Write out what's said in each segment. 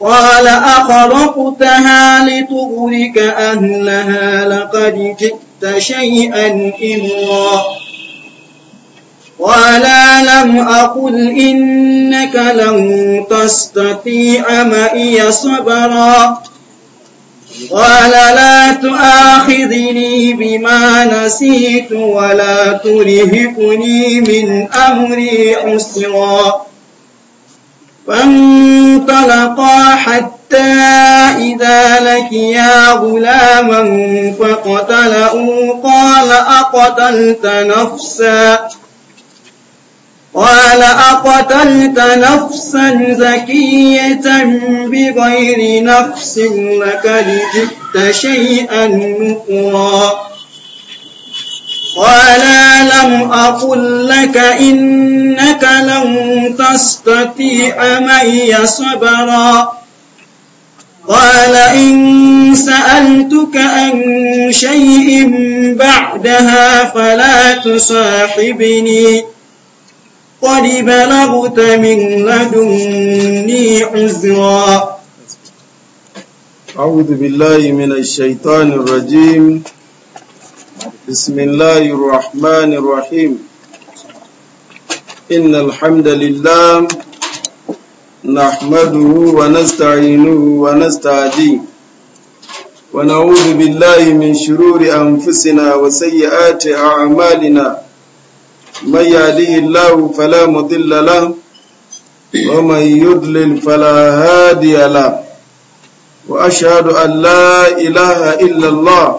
قال أخلقتها لتغرك أهلها لقد جئت شيئا إمرا قال لم أقل إنك لن تستطيع معي صبرا قال لا تؤاخذني بما نسيت ولا ترهقني من أمري عسرا فانطلقا حتى إذا لكيا غلاما فقتله قال أقتلت نفسا قال أقتلت نفسا زكية بغير نفس لك لجئت شيئا نكرا قال لم أقل لك إنك لن تستطيع معي صبرا قال إن سألتك عن شيء بعدها فلا تصاحبني قد بلغت من لدني عذرا أعوذ بالله من الشيطان الرجيم بسم الله الرحمن الرحيم إن الحمد لله نحمده ونستعينه ونستعدي ونعوذ بالله من شرور أنفسنا وسيئات أعمالنا من يهديه الله فلا مضل له ومن يضلل فلا هادي له وأشهد أن لا إله إلا الله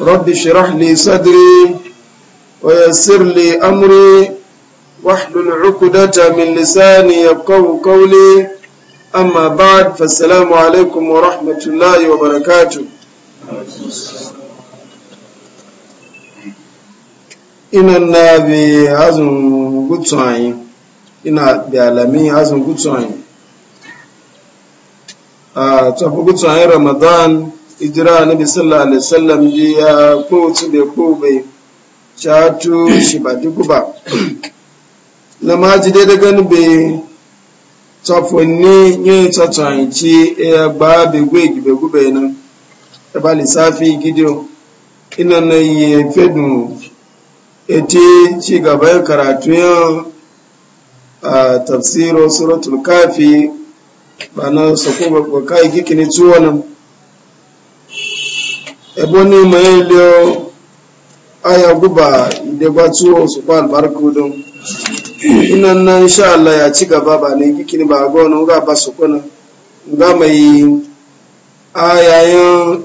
rabbi shirah li sadri wa yassir li amri min lisani yafqahu qawli amma ba'd fa wa rahmatullahi wa a tsafi ramadan ijira nabi sallallahu alaihi wasallam ji ya kowace bai ko bai shatu shi ba duku ba na maji dai daga ni bai tsafonni yin tsatsanci ya e, ba bai gwe gibe gube nan ya e ba lissafi gidiyo ina na yi fedu eti ci gaban karatu yin a tafsirin suratul kafi ba na sako ba kai gikini ciwo nan ebo ni ma yelo aya guba da ba tuwo su kwa albarku don ina nan insha Allah ya ci gaba ba ne gikin ba gona ga ba su kuna ga mai ayayin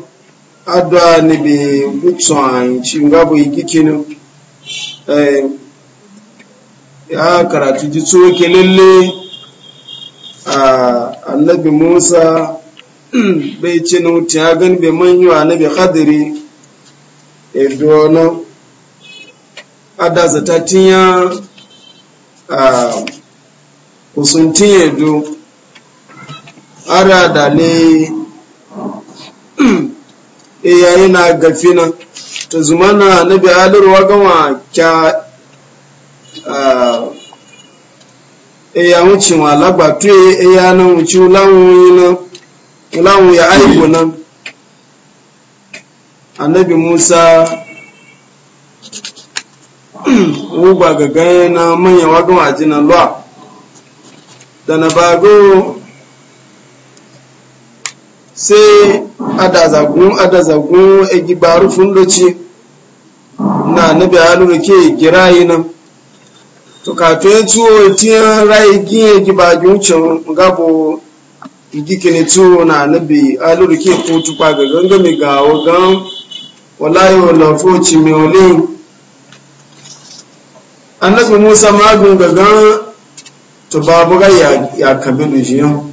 na ni bi gutsu anyị ci ga ya eh, karatu ji tuwo a ah, annabi Musa bai e e e ce na wuce ya gani bai manyu a na bai hadiri edo a da zata tinya a kusuntin edo ara da ne yayi na gafina ta zuma na na bai halarwa gama kya ya wuce wa lagbatu eya na wuce lawon yi na wulawun ya aibu nan annabi musa wuba ga gaya na manyan wagon na lo'a da na bago sai adazagun adazagun egibaru loci na annabi haluru ke yi nan to kafin tuwo tiyan rayi gin egibagun cin gabo ne turo na nabi aluru ke kotu kwa ga gangami ga wagan wallahi wala foci mai wale annabi musa magun ga gan to babu ga ya kabilu jiyan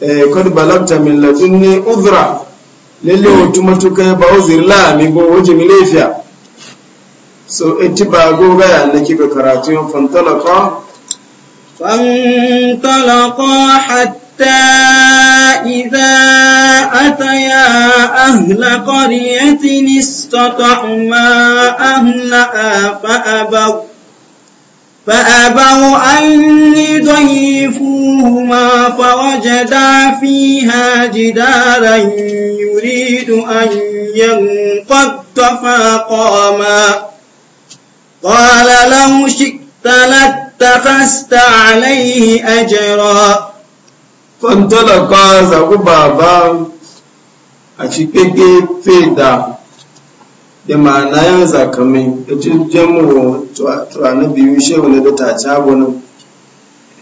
eh kad balagta min ladunni udhra lalle wato matuka ba uzir la mi go waje mi lafiya so eti ba go ga ya nake ga karatu yan fantalaka فانطلقا حتى حتى إذا أتيا أهل قرية استطعما أهلها فأبوا فأبوا أن يضيفوهما فوجدا فيها جدارا يريد أن ينقض فقاما قال لو شئت لاتخذت عليه أجرا fọ́ntọ́lọ̀kọ́ ba a àti pégé fèdà da ma'ana yin zakamai da jujjemu turanabi wishe wani da ta cabo nan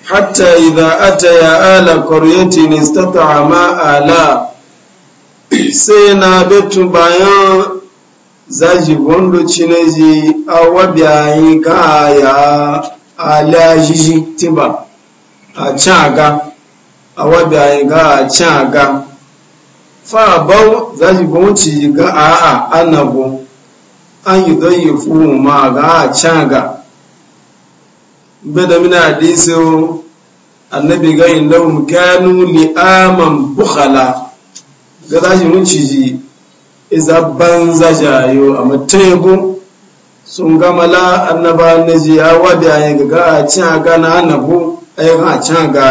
hatta idha ata ya ala qaryatin istata'ama ala sai na betu bayan zaji bondo cineji awabiyayi ka ya ala jiji ba. a caga awa biyayi ga a can ga fa bau za ji gwamnati ga a a anago an yi don yi fuhu ma ga a cin aga bada mina hadisi annabi ga yin mu kanu li'aman bukhala ga za ji gwamnati ji iza banza jayo a matego sun gama la annaba na ji awa biyayi ga a can ga na anago ayyukan a can ga.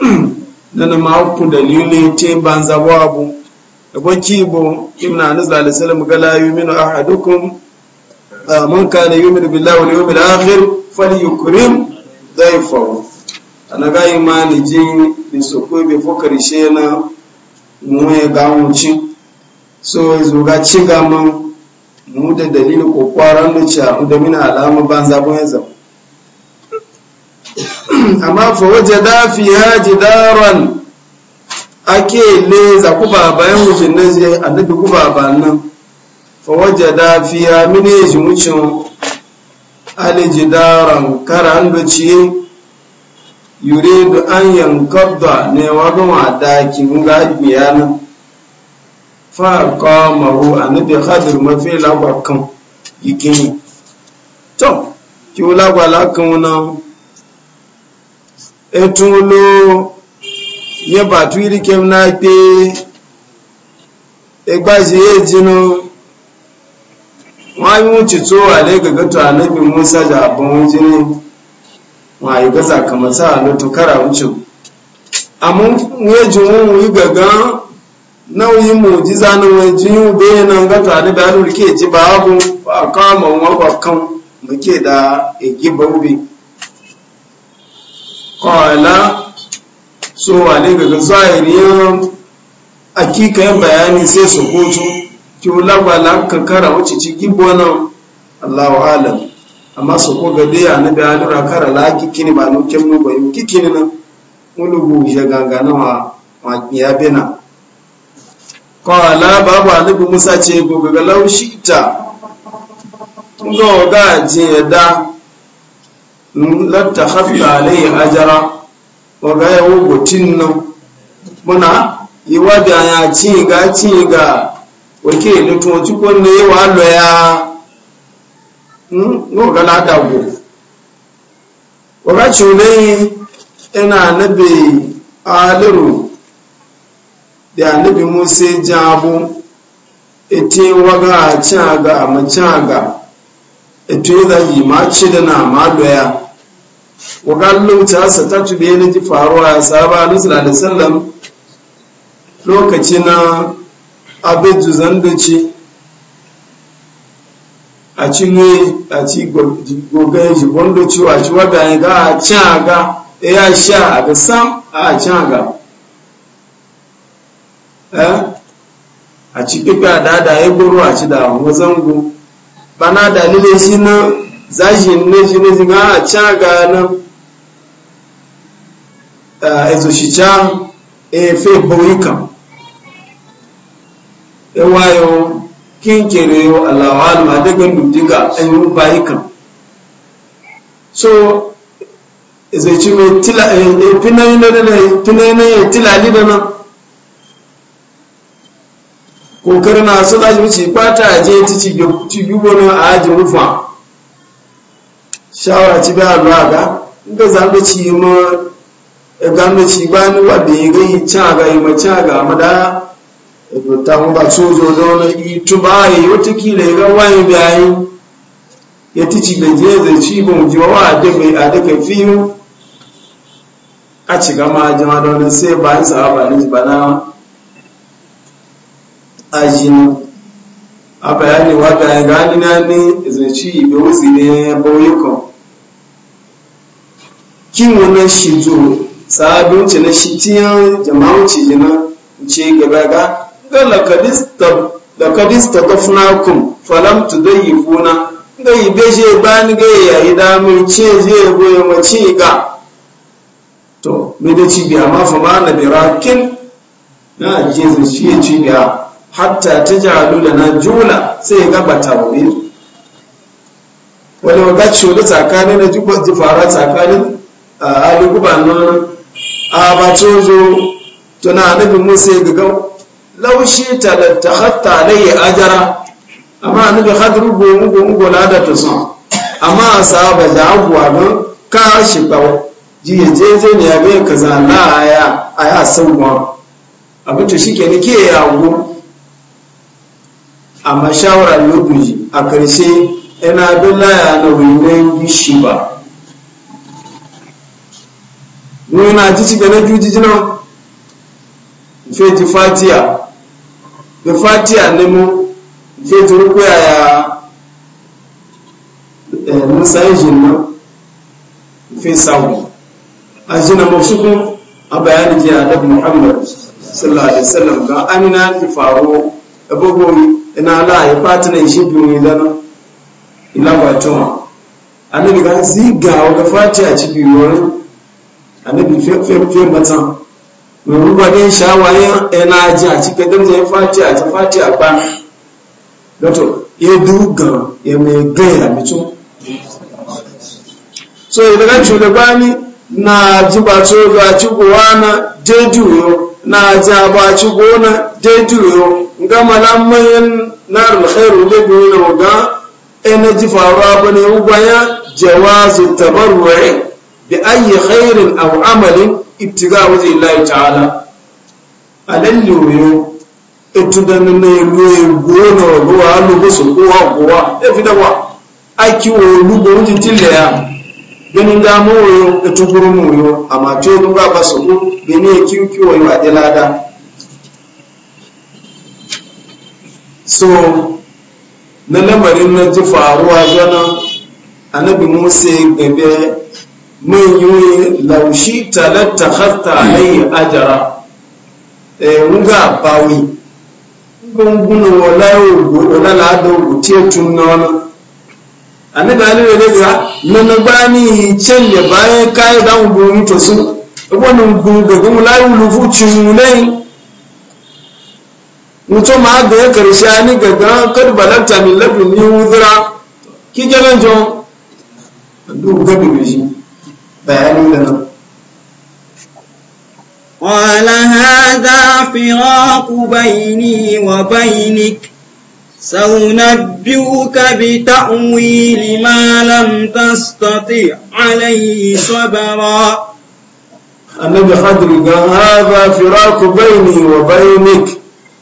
nana ma ku dalili te banza wabu ko kibo ibnu anas alayhi salam gala yuminu ahadukum ah, man kana yuminu billahi wal yawmil akhir falyukrim a na gayi ma ni sokwe be fokari shena ya ga muci so ci gama mu da dalili ko kwaran da cha da mina alama banza bon yanzu amma fa wajada fiha jidaran ake leza za ku babayen wucin nan sai annabi kuba baban nan fa wajada fiha mine shi mucin alijidaran karan da ciye yuridu an yankabda ne wa gama daki ga biya nan fa qamahu annabi khadir mafi yi yikini to ki lagwala kan wannan etun lo nye batu iri kem na pe egbaji ejinu wọn yi wuce to ale gaga to anabi musa da abin wuce ne wọn yi gaza kamar sa alo to kara wuce amma wejin wọn yi gaga nauyin ji na wajen yi bayan nan ga to anabi alo rike ji babu ba kama wọn ba kan muke da egiba ubi qala so wane ga zahiriyan akikayen bayani sai su koto ki la kankara wacce ci gibo nan allahu alam amma su ko ga dai an da an rakara la kikini ba no kemu ba yu kikini na, wani bu ya gangana wa ma ya bina qala babu annabi musa ce gobe ga laushita ngo ga je da latta hatta alayhi ajara wa ga yawo gotin nan muna yi wada ya ci ga ci ga wake da to ci ko ne wa lo ya hmm no ga na da go wa ga ci ne ina nabi aliru da nabi musa jabo ete waga a ci ga a mace ga ito yi zai ma ci da na ma doya wa kallon ta sa ta tube na ji faruwa ya saba nusra da sallam lokaci na da ce. a ci a ci gogon shi gondoci a ci wadda ya ga a can a ga e ya sha a ga sam a can ga eh? a ci kika dada ya e goro a ci da wazango bana dalilin shi na zashin na shi na zima a ca ga nan a ezo shi ca efe bauyukan yawayo e kinkere yo alawalu adagan dubdiga ayyun e bayukan so ezo ci mai tila e pinayi ne ne na pinayi tila li da kokarin na su da zuci kwata a je ci bi wani a ajin rufa shawara ci bi alwa ga inda za mu ci ma gano ci ba ni wa da ya gai ca ga yi ma ca ga ma da ta mu ba so zo zo na yi tu ba yi wata ya ga wani bayi ya ti ci bai je zai ci ba mu wa a daga a daga fiyo a ci gama jama'a da wani sai bayan sa ba ni ba na ajina a bayani wata ya gani na ne zai da wuzi ne bauyukan kin wannan shi zo sabin ci na shi tiyan jama'un ci jina ce gaba ga ga lakadista ta kafnakun falam tu dai yi funa ga yi beje ba ni ga yayi damun ce je goye mace ga to me da ci biya ma fa ma na birakin na je zai ci biya hatta ta jalu da na jula sai ga bata wuri wani waga cole tsakanin na jifara tsakanin a alikuba nan a bato tuna nufi musa ya gagau laushi talatta hatta laye ajara amma annabi hadru gomu gomu gola da ta son amma a saba da abuwa don ka shi bawa jiye jeje ne ya bai kaza na a ya sauwa abin ta shi ke ni ke yawo amma shawarar lokaci a karshe yana dulaya na wunan gishi ba nuna ji juji fatiya da fatiya rukuya ya nisa yi jinan a jinan mafishikun a bayanin jiya da muhammad sallallahu alaihi wasallam ga amina ki faru abubuwan ina la ya fata na shi biyu lana ila wato annabi ga ziga wa e fati a cikin yorin annabi fefe mata mai ruba din shawaye ina ji a cikin damza zai fati a ta fati a ba dato ya duga ya mai gaya mito so ya daga shugabani na ji ba to ga ci gowa na jejuyo na ja ba ci gona jejuyo nga malamayan nar alkhairu le bi na ga energy faruwa bane ubaya jawaz tabarru'i bi ayi khairin aw amalin ibtiga wa lillahi ta'ala alalli yo etudan ne lo gona wa lo go so ko wa ko wa e fi da wa aki wo lu go wuti tile ya da mu yo etuguru mu yo amma to ga ba so ko bene kiwo kiwo wa dalada so na lamarin na ji faruwa yana annabi musa ya gabe mun yi laushi talatta hatta alayhi ajara eh nga bawi ngon gunu wala wala la do tie tun nono annabi ali ne ga nan bani cen ya bayan kai da mu to su wannan gun gun la yu lufu cin mutum ma ga ya karshe ni gaga kad balanta min lafi ni wuzura ki jalan jo duk gabi ne shi bayani da nan قال هذا فراق بيني وبينك سأنبئك بتأويل ما لم تستطع عليه صبرا النبي خضر قال هذا فراق بيني وبينك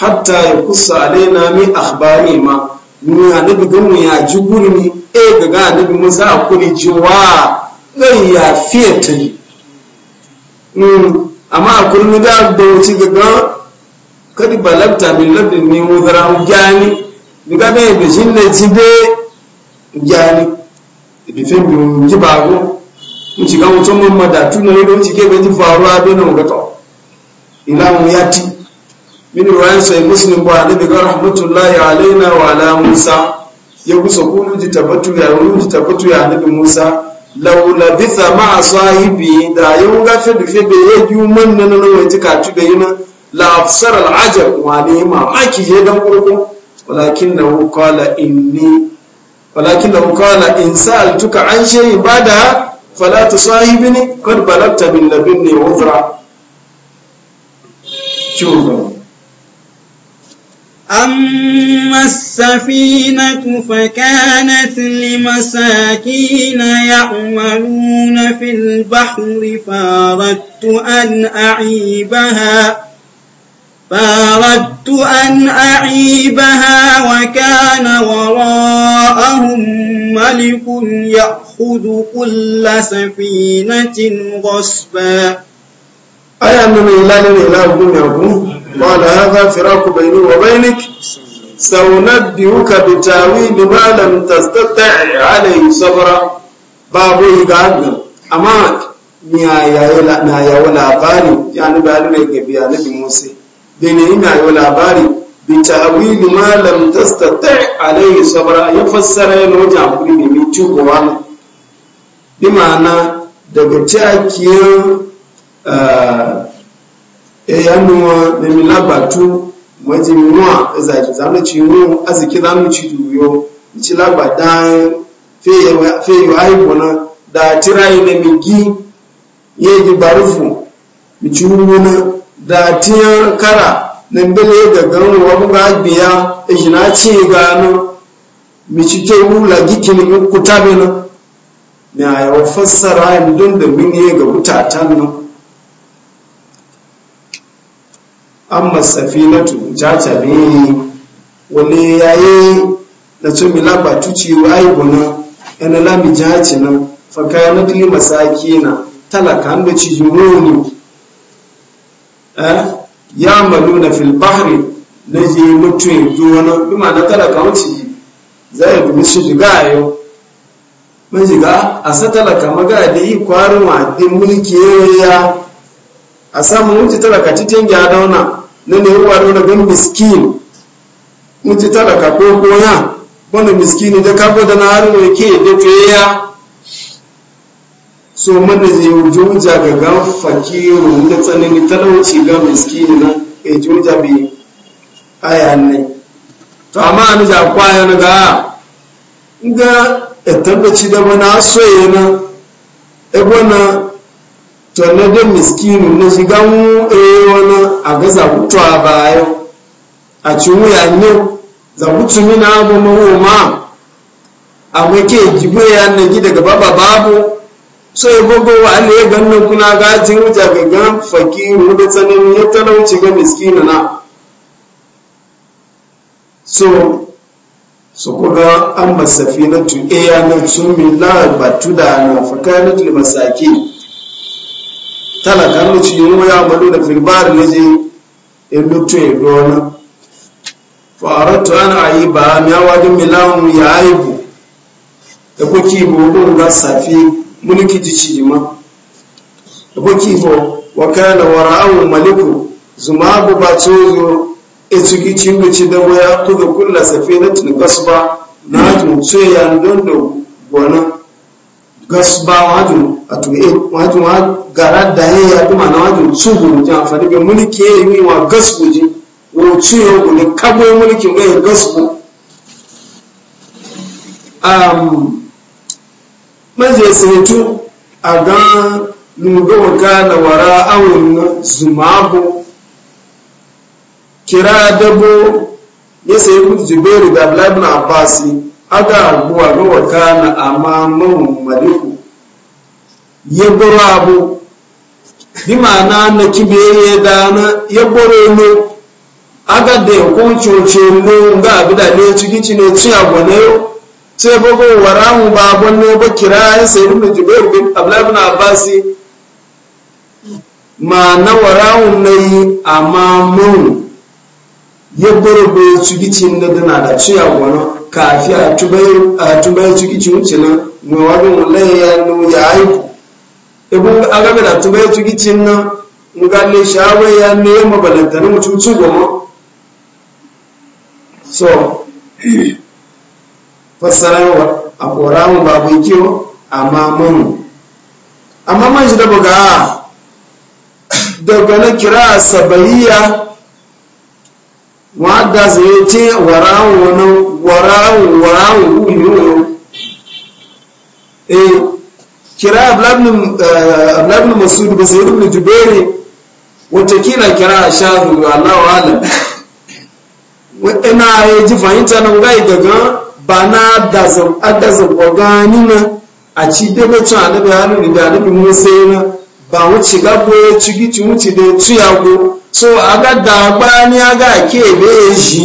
hatta ya kusa alaina min akhbari ma mu annabi gamu ya ji gurmi e eh, gaga annabi musa akuri jiwa gai ya fiye ta yi mm, amma a kullum da da wuce gaga kadi balabta ladin ne daga da ne bi ci ga mutum mun madatu ne ke ga ji faruwa da nan ga to mu min ruwan sai muslim ba ne daga rahmatullahi alaina wa ala musa ya kusa kunu ji tabbatu ya wuri ji tabbatu ya nabi musa laula bisa ma da ya wuga fedu fedu ya yi man nan nan da yana la afsar al ajab wa ne mamaki je dan kurku walakin da qala inni walakin da qala in sa'altuka an shay ibada fala tusahibni qad balagta min labinni udra أما السفينة فكانت لمساكين يعملون في البحر فأردت أن أعيبها فأردت أن أعيبها وكان وراءهم ملك يأخذ كل سفينة غصبا أيام من الله لله قال هذا فراق بيني وبينك سأنبئك بتاويل ما لم تستطع عليه صبرا babu igadin amma ya yawo labari ya ni da mai gabi ya nabi musa da ne ina yawo labari bi ta'wili ma lam tastata alayhi sabra ya fassara ya no jakuri ne mai tubowa ne bi ma'ana daga takiyar ne mi laba eya nuwa na milabatu waje nuwa zaki zanu ci nu aziki zanu ci duyo ci labada fe yi ayi bona da tirai na migi ye ji barufu mi ci na da tiyar kara na mbele ga ganu wa buga biya e jina ci gano mi ci ke wula gikin kutabe na ya fassara don da mun ye ga kutatan nan amma safinatu jaja ne wani yayi da tumi laba tuci wayi gona yana lami jaci nan fakanat li masakina talaka da ci juruni eh? ya ya maluna fil na je mutu duwana kuma na talaka wuci zai bi su jigayo mun jiga a satala talaka ga da yi kwarin wa din mulki ya a samu mutu talaka cikin ya dauna na ne uwa dauna gan miskin mutu talaka ko koya wani miskin da kabo da na harin ke da tuya so mana zai yi wuce ga gan fakiru da tsanani talauci ga miskin na e juja bi a ne to amma an ja kwaya na ga ga tabbaci da bana soyena ebe bana to na da miskinu na shiga mu eh wani a ga zabutu a bayan a ci wuya ne zabutu ni na abu ma a muke jibo ya na gi daga baba babu so ya gogo wa Allah ya ganna kuna gajin wuta ga gan fakiru da tsanin ya talauci ga miskinu na so su kuga an masafi na tu'e eh, ya na tumi batu da na fakanat limasaki talaka kanu ci yin waya malu da firbar ne je in lutu ya dona faratu an ayi ba mi awa din milan ya aibu da kuki bo don ga safi mulki ji ci ma da kuki bo wa kana wara'u maliku bu ba tozo e ci cin da ci da waya ku da kullu safinatin kasba na tun sai ya don da gona gasba waju atuge waju wa gara da he ya kuma na waju tsugu ja fa daga mulki ya yi wa gasbu ji wo tsuyo ko ne kabo mulki mai yi um maje sinitu a ga lugo ka da wara awun zumabu kira dabo ya sayi kudu jubairu da abdullahi ibn abbasi aga guwa ga na ama mawun maliku ya gboro abu di ma'ana na kibe ya dana ya gboro ne aga da ya kunci wuce ne ga abu da ci ne ci abu ne wara ba abun ba kira ya sai na jubair ma na wara na ne ama mawun ya barbe tsugicin da dana da ciya wani kafi a tubayi tsugicin wuce nan mai wani wallahi ya nu ya haiku ibu a game da tubayi na nan mugalle shawai ya ne ya mabalanta na mutum su goma so fassararwa a ba babu kiwo amma manu amma man shi da buga daga na kira sabariya wọ́n dá sí tí wàráwọ̀ náà wàráwọ̀ wàráwọ̀ wù yóò yóò eh kira ablamin eh, masudu ba sai rubin jubere watakila kira a shahu allahu alam ina ya ji fahimta na ngai daga ba na dazan adazan na a ci daga can annabi halin da na ba wuce ga ya ci gici wuce da ya so aga dagba ni aga ake ebe eji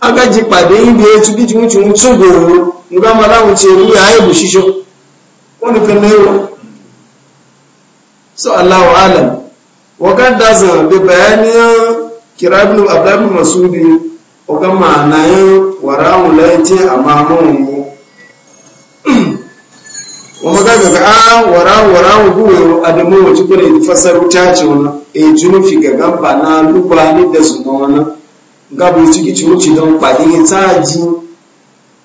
aga ji pade ibi ya ci gici wuce wuce nga mara wuce ru ya yi bu shisho wani kan na so allahu alam wakar da zan da bayaniyan kirabinu abdabin masudi na ma'anayin wara wulaiti a mamun mu wọ́n ga a ah, wara wara guwe adamu wace ce wani eh, jini fi na lugba ni da su ma wani gabu ci don kwaɗi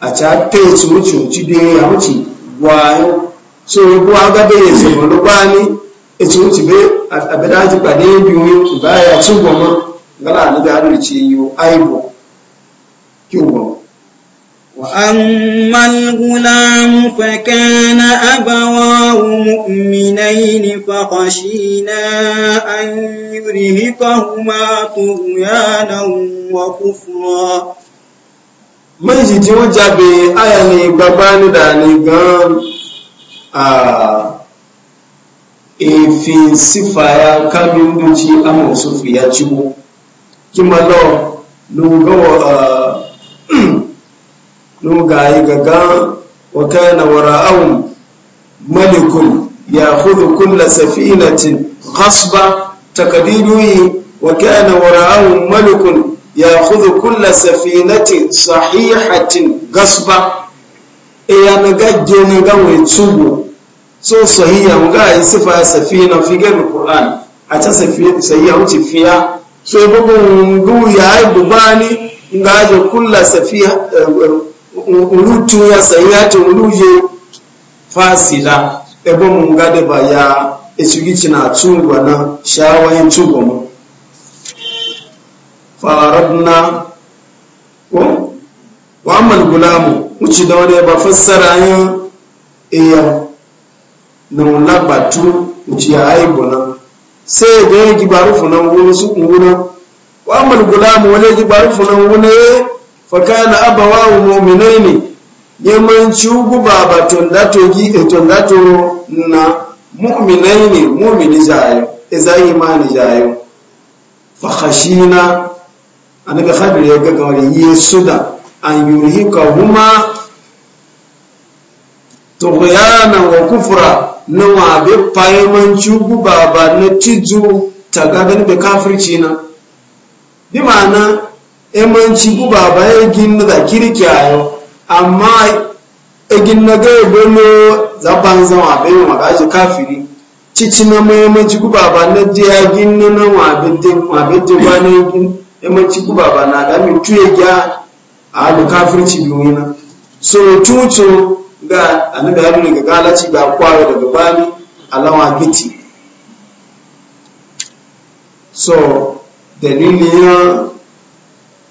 a ca ta yi ci wuce wuce da ya wuce so yi kuwa ga da ya zama lugba ni e ci wuce bai a bada ji kwaɗi biyu ba ya ci goma gala na da harin yi kyau وأما الغلام فكان أبواه مؤمنين فخشينا أن يرهقهما طغيانا وكفرا méjì tí wọ́n jáde àyà ni gbagba nídà ni gan èéfín sífàyà kábíyèmí ló ti amọ̀ sófìyà jíwó kí máa lọ nugaye gaga wa kana wara'ahum malikun ya hudu kulla safinatin ghasba takdiruhi wa kana wara'ahum malikun hudu kulla safinatin sahihatin ghasba na gajje jeni ga wetugo so sahiya yi sifa safina figa alquran acha safina sahiya wuce fiya so bugu ngu ya ga yi kulla safiya mulutu ya sayati muluje fasila ebo mungade ba ya echigichi na chungwa na shawa yin chungwa mu faradna ko wa amal gulamu muci da wani ba fassara yin iya na wula batu muci ya aibu na sai ga yi gibaru funan wani su kuna wa amal gulamu wani gibaru funan wani fakana abawawu muminai ne yamanci guba ba tondato gi e tondato na mu'minai ne mu'mini jayo e eh, za imani jayo fa khashina annabi khadir ya ga kawai yesu da an yurhika huma tughyana wa kufra na wa be payamanci guba ba na tizu tagadan be kafirci na bi ma'ana emanci guba ba ya na da kirkiyayo amma egin na gaya gano zaban zama bai magaji kafiri cici na mahimmanci guba ba na je ya gina na mabete ba na egin emanci guba ba na gami tuye gya a hannu kafirci biyu na so tuto ga annabi hannu daga galaci ga kwaro daga bani alawa giti so dalilin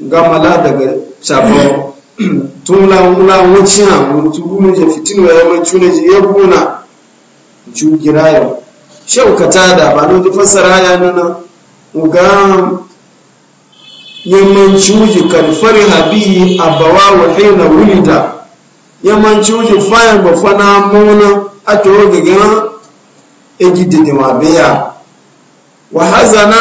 gamala daga sabo tun la wucin abu tubu mun je fitinu ya mai cune je ya buna jugirayo shaukata da ba no ji fassara ya nana uga yamman cuji fari habi abawa wa hina wulida yamman cuji fayan ba fana mona a toro gaga egidide ma biya wa hazana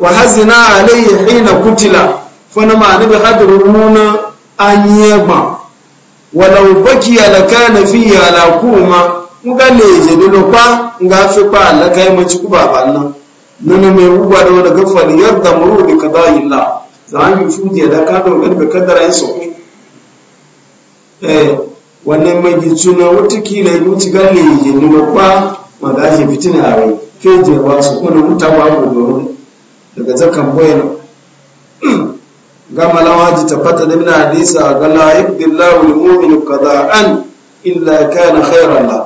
wa hazina alayhi hina kutila fana ma ni bi hadiru nuna an yegba walau baki alaka na fi kuma nga leje dole kwa nga fi kwa alaka ya maci kuba ballan nuna mai ugwa da wani gafari yadda muru da kada yi la za a yi fuje da ka da wani kadara sauki eh, wannan mai yi ga dole kwa ma ake fitina a rai fejewa su mutawa daga zakan bayan gama lawaji tabbata da mina hadisa ga la yaqbillahu almu'minu qada'an illa kana khairan la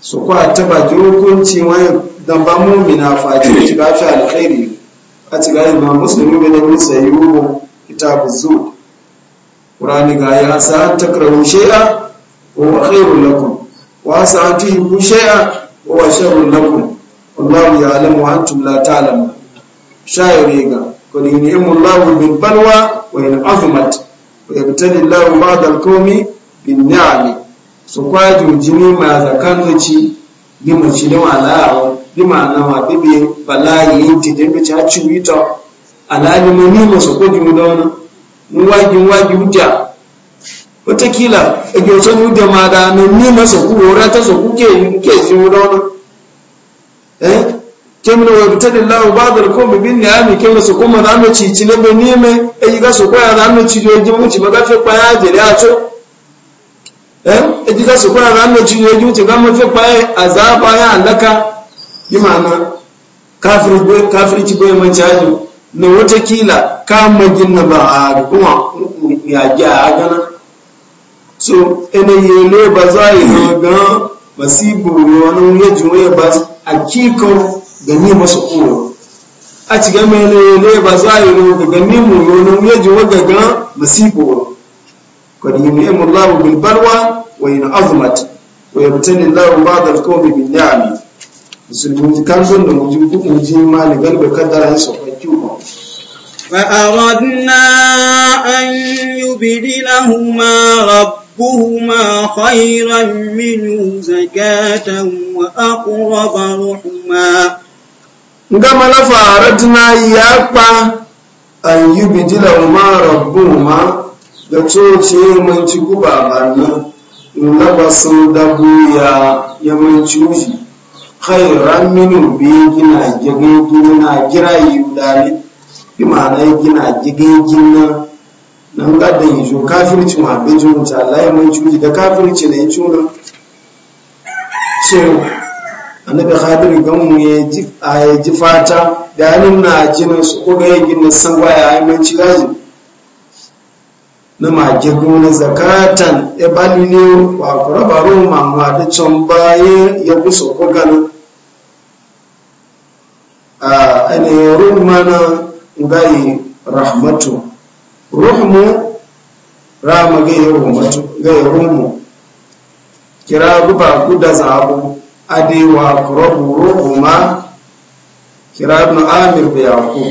su kwa taba hukunci wani dan ba mu'mina faji ci ga fi alkhairi a ci ga imam muslimi bin ibn sayyub kitab az-zuhd qur'ani ga ya sa takrahu shay'a wa khairul lakum wa sa tuhibu shay'a wa sharrul lakum wallahu ya'lamu wa antum la ta'lamun shayriga قد ينعم الله بالبلوى وإن عظمت ويبتلي الله بعض القوم بالنعم سقاط جميع ما ذكرت بما شنو على بما نما بيبي بلا ينتي دمي تشاچو يتا على نمني مسقاط مدونا نواجي نواجي وجا wataƙila a kyautar da ma da nan nima su kuwa ta su kuke yi ke ji wudana eh kem na wabtadi Allah da qawmi bin ni'ami kem na sokoma da no ci ci ne be nime e yiga sokoya da no ci yo jimu ci maga fe pa ya jere ato eh e yiga sokoya da no ci yo jimu ci gama fe a azaba ya alaka yimana kafir go kafir ci go man jaju wata kila ka magin na ba a kuma ya ji a gana so ene yele ba za yi ga masibu wani yajin ya ba a kikon gani masu kowa a cikin mai lele ba za a yi ro daga nemo yonon ya ji wa gaga masibo kwadi yi mu'immu lawo bil barwa wa yi na azumat wa yi mutane lawo ba da komi bin ni'ami musulmi kan zon da muji muji maligar da kaddara ya sauka kyuwa فأردنا أن يبدلهما ربهما خيرا منه زكاة وأقرب nga malafa aratuna ya kpa an yi bidila ma rabu ma da coci yamanci guba banna ba sun dabu ya yamanci ushi khairan minu biyu gina jirgin gina gira yi dali bi yi gina jirgin gina nan ga da yi zo kafirci ma bejin wuta Allah manci ushi da kafirci na yi cunan so annabi khadir gamu ya ji a ji fata da nan na jin su ko ga yin na san waya ai mun ci gaji na mage gona zakatan e bani ne wa kura baro ma da can baye ya so ko gano a ane rumana ngai rahmatu ruhmu rama ga yi rumatu ga yi rumu kira da guda zabu adi wa kurabu ruhuma kira ibn amir bi yaqub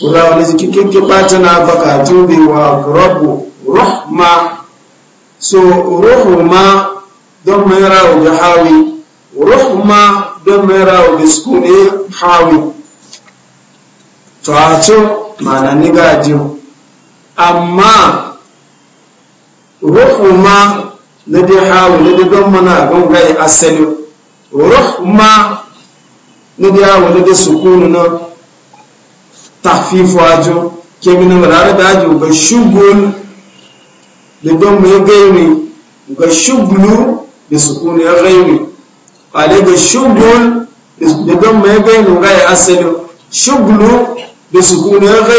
kura wani jiki kinki na baka jubi wa kurabu ruhma so ruhuma don mai rawo bi hawi ruhma don mai rawo bi sukuni hawi to a co mana ni gajin amma ruhuma na dai hawi na dai don mana gongaye asali rahma na biya wani da sukunu na tafifu ajo kemina marara da ajo ga shugul da don mai gairi shugulu da sukunu ya gairi ale ga shugul da don mai gairi ga ya shugulu sukunu ya wala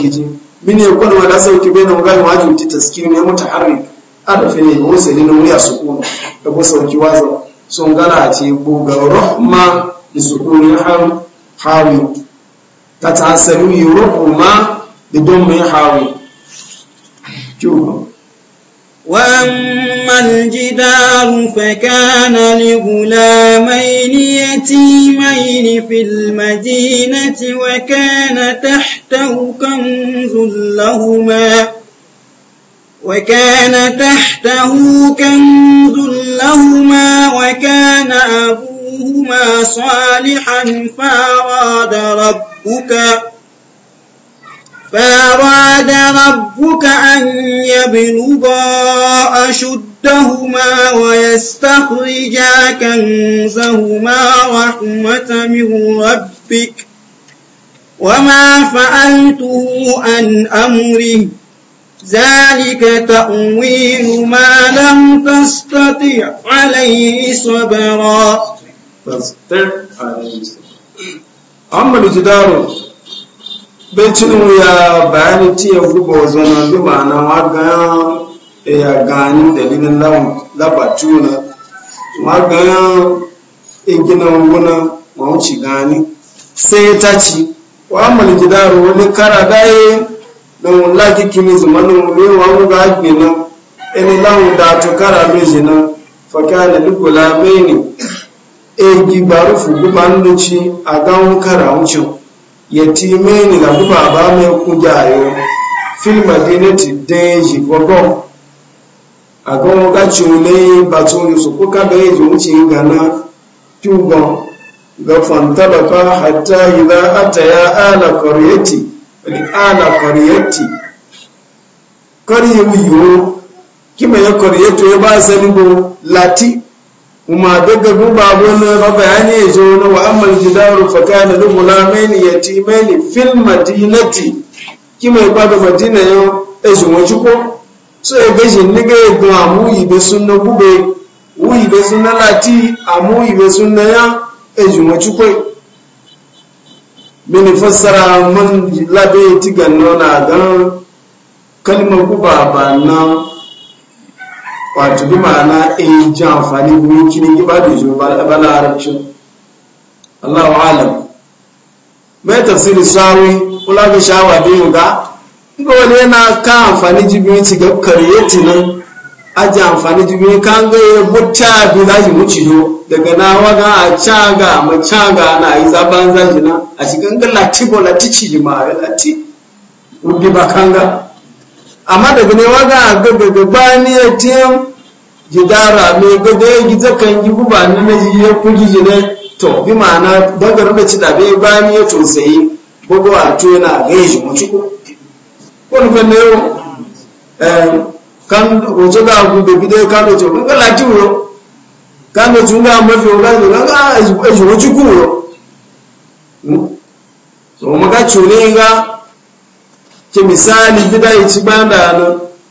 yi mini ya kwada wala sauki bai na magana ma jinti taskiri ne mutu harri arfe ne mun sai ne wuya su kuma da ko sauki wazo sun gana ce buga rahma bi sukuni har hawi ta ta salu yuru ma don mai hawi الجدار فكان لغلامين يتيمين في المدينة وكان تحت تحته كنز لهما وكان تحته كنز لهما وكان أبوهما صالحا فأراد ربك فأراد ربك أن يبلغا أشدهما ويستخرجا كنزهما رحمة من ربك وَمَا فَعَلْتُهُ عَنْ أَمْرِي ذَلِكَ تَأْوِيلُ مَا لَمْ تَسْتَطِعْ عَلَيْهِ صَبْرًا Amma da ki daro, bai cin wuya bayani tiya guba wa zama duba na maga ya gani dalilin laba tuna, maga ya gina wuna mawuci gani sai ta ci wa amal jidaru wani kara daye na wula kikini zumanin wuri wa wuga agbe na eni lawun da to kara meji na faka da lukula meni e gibaru fuguba nnuci a gawon kara wucin yati meni ga guba ba mai kujayo fil madinati yi gogon a gawon gaci wule batun yusufu kada yi wucin gana kyugon ga fantalaka hatta idza ataya ala qaryati ala qaryati qaryu yo kima ya qaryato ya ba salibo lati kuma daga guba wani ba bayani ya zo na wa amal jidaru fa kana li ti yatimaini fil madinati kima ba da madina yo ezu wajuko so e gajin niga ya gwa mu ibe sunna gube wu ibe sunna lati amu ibe sunna ya ejin wacce kwai mini fassara mun labe ti ganno na gan kalmar guba ba ba na wato bi ma'ana ejin amfani wurin kinin giba da jiwa ba larabcin allahu alam mai tafsirin sawi kula ga shawa biyu ga dole yana ka amfani jibin ci ga karyeti nan aji amfani jibi kan gaya mutta bi za shi wuce do daga na waga a caga ma caga na yi zaban zaji na a cikin ga lati ko lati ci ma a lati wudi ba kan ga amma daga ne waga a ga ga ba ni ya tiyan jidara me ga da ya gizo kan yi guba na na yi ya ji ne to bi na daga rubuta ci da bai ba ni ya tosayi ko ga wato yana gaya shi mutu ko ko ne yau kan rojo ga ku be bide kan rojo mun ga lati wo kan rojo ga ma fi o ga ga ga e ju ku wo hmm? so mu ga chule ga ke misali bida yi ci banda no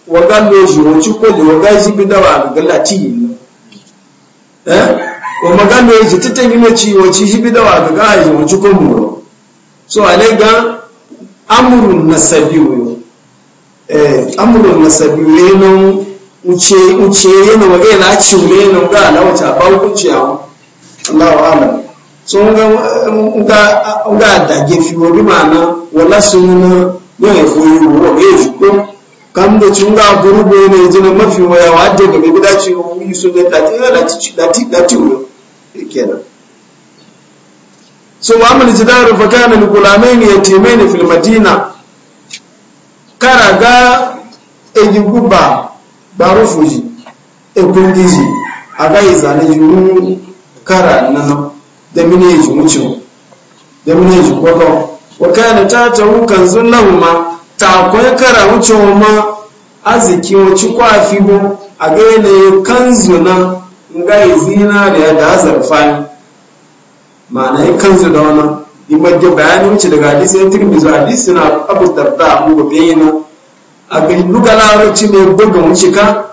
wa ga lo ju rojo lo ga ji bida wa ga lati no eh o ma ga lo ji tete ni me ci o ci ji bida wa ga ga ji rojo ko mu so ale ga amrun nasabiyu amurin nasabi lenon uce yana waje na ci lenon ga na wata ba hukunci a Allahu alam sun ga da gefi wa bi ma'ana wala sunna ya yi koyi wa ya yi ko kan da cin ga gurubu ne na mafi waya wa da ga bi da ciwo yi so da ta eh, da ci dati dati da ya kenan so wa da rufa fa gulamai ne ya teme ne filmadina kara karaga egiguba barufuji ekundiji agaiza ne juru kara na da mineji mucin da mineji kwakwa wakana ta tawu kanzun lahuma ta kwai kara wucin ma arziki wacce kwafi bo a ga yanayin kanzu na ngai zinariya da azarfani ma'ana kanzu da wannan imajja bayani wuce daga hadisi ya tirmi zuwa hadisi na abu darda abu ba bayyana a gani duka larabci ne buga wuce ka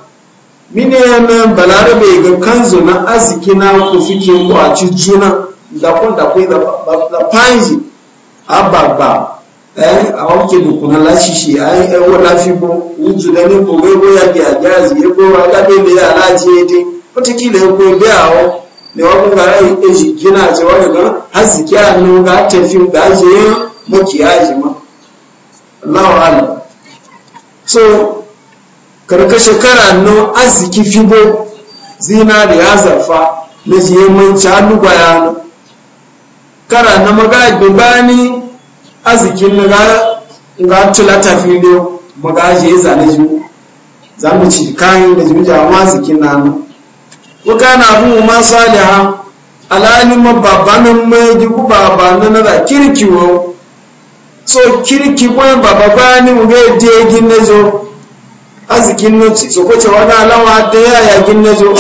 mine na balarabe ga kanzo na arziki na ku fike ku a juna da kun da kai da fanji abagba eh a wanke da kuna lashi shi ai ai wala fi bo wuju da ne ko ga ya ga ya ji ko ga be ya laje dai wata kila ko be awo da wani ga rai e shi gina ce wani ga haziki a nan ga tafi ga je muki ya ji ma Allahu ala so karka shekara no aziki fibo zina da ya zarfa na je mun ci hannu bayanu kara na maga dubani azikin na ga ga tulata filo maga je zane ji zamu ci kayan da jimi jama'a zikin nanu waka na abu ma saliha alani ma babanin mai gibu babanin na da kirkiwo so kirki kwan baba bani mu ga je gin na zo azikin na so ko ce wani alawa da yaya gin na zo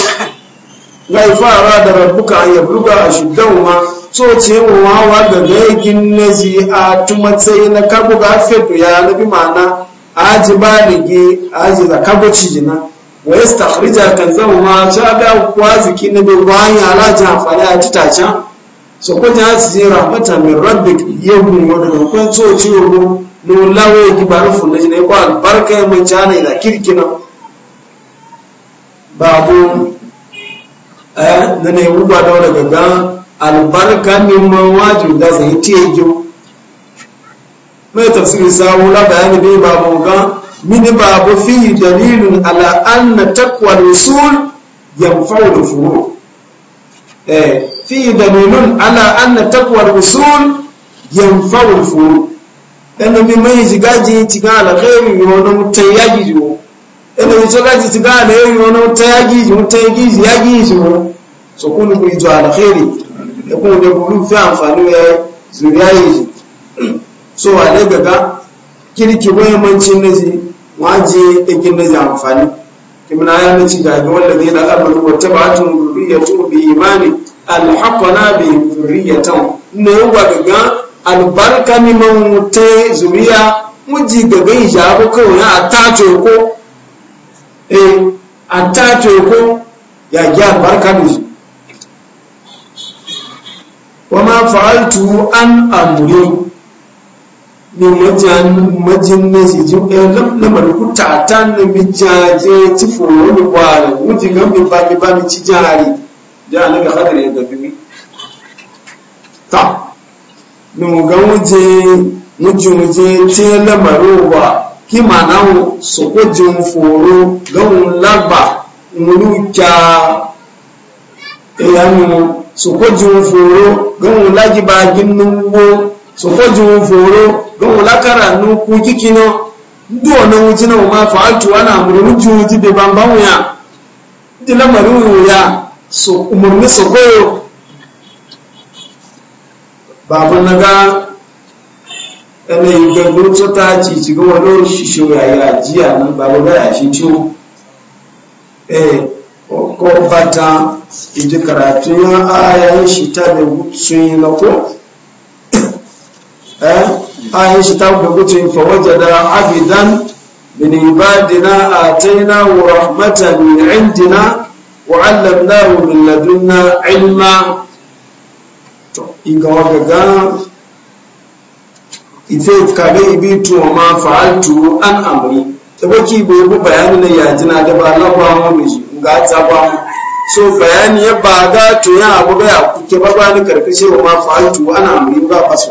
lai fara da rabbuka ya buga a shuddan ma so ce wa wa da ga gin na zi a tumatsai na kabu ga fetu ya nabi mana aji baligi aji da kabuci jina wa yastakhrija kanzahuma cha da kwaziki na bai wani alaji amfani a titacen so ko ja si rahmatan min rabbik yawmin wa da kun so ci wo no lawe ki baru funna ne ko albarka mun jana ila kirkina babu da eh, daga ga albarka min da zai tiye mai babu mini babu fi dalilun ala anna taqwa rusul yanfa'u furu eh fi dalilun ala anna taqwa rusul yanfa'u furu ẹnu mi mẹ́yìn ti gáàjì ti gáà lẹ́kẹ́rì ìrọ̀nà tẹ́ yági jù wọ́n ẹnu mi tó gáàjì ti gáà lẹ́kẹ́rì ìrọ̀nà tẹ́ yági jù wọ́n tẹ́ yági jù So kuni kò ìjọ àlẹ́kẹ́rì Ya òde da fẹ́ àǹfààní amfani zùrí ayé so a gàgá kíríkì wọ́n yẹn mọ́ waje ɗin na ji amfani kimina ya mace ga ga wanda zai da al'amarin wata ba tun zuriya tun bi imani alhaƙona bi zuriya tan na yi wa daga albarka ni man wuta zuriya muji gaga isha abu kawai a tato ko eh a tato ko ya gi albarka ne wa ma fa'altu an amuri ni majin na jijin ɗaya lamar kuta ta ci foro ni kwara wujin gan bi ba ba mi ci jari da na ga hadar ya gabi mi ta ni mu ga wuje mujin wuje te lamaro wa ki ma na wo so ko ga e ya mu so ko ga lagiba ginnun wo sokojuwun foro don wulakara nuku kikino ndu ona wuji na ma na amụrụ ana murunu juji be bamban ndị ndi lamarin wuya so umurni so koyo babu naga ẹnna ìgbẹ̀gbọ́n e, a jì tí wọ́n babu ya Eh? aisha ta kubutin fawajada abidan min ibadina ataina wa rahmatan min indina wa 'allamnahu min ladunna ilma to inga ga, ife kaga ibi to ma fa'altu an amri ta baki bai bu bayanin na yajina da ba lawa mu miji ga ta ba mu so bayani ya ba ga to ya abu ga ya kuke ba ba ni karkashe wa ma fa'altu an amri ba fasu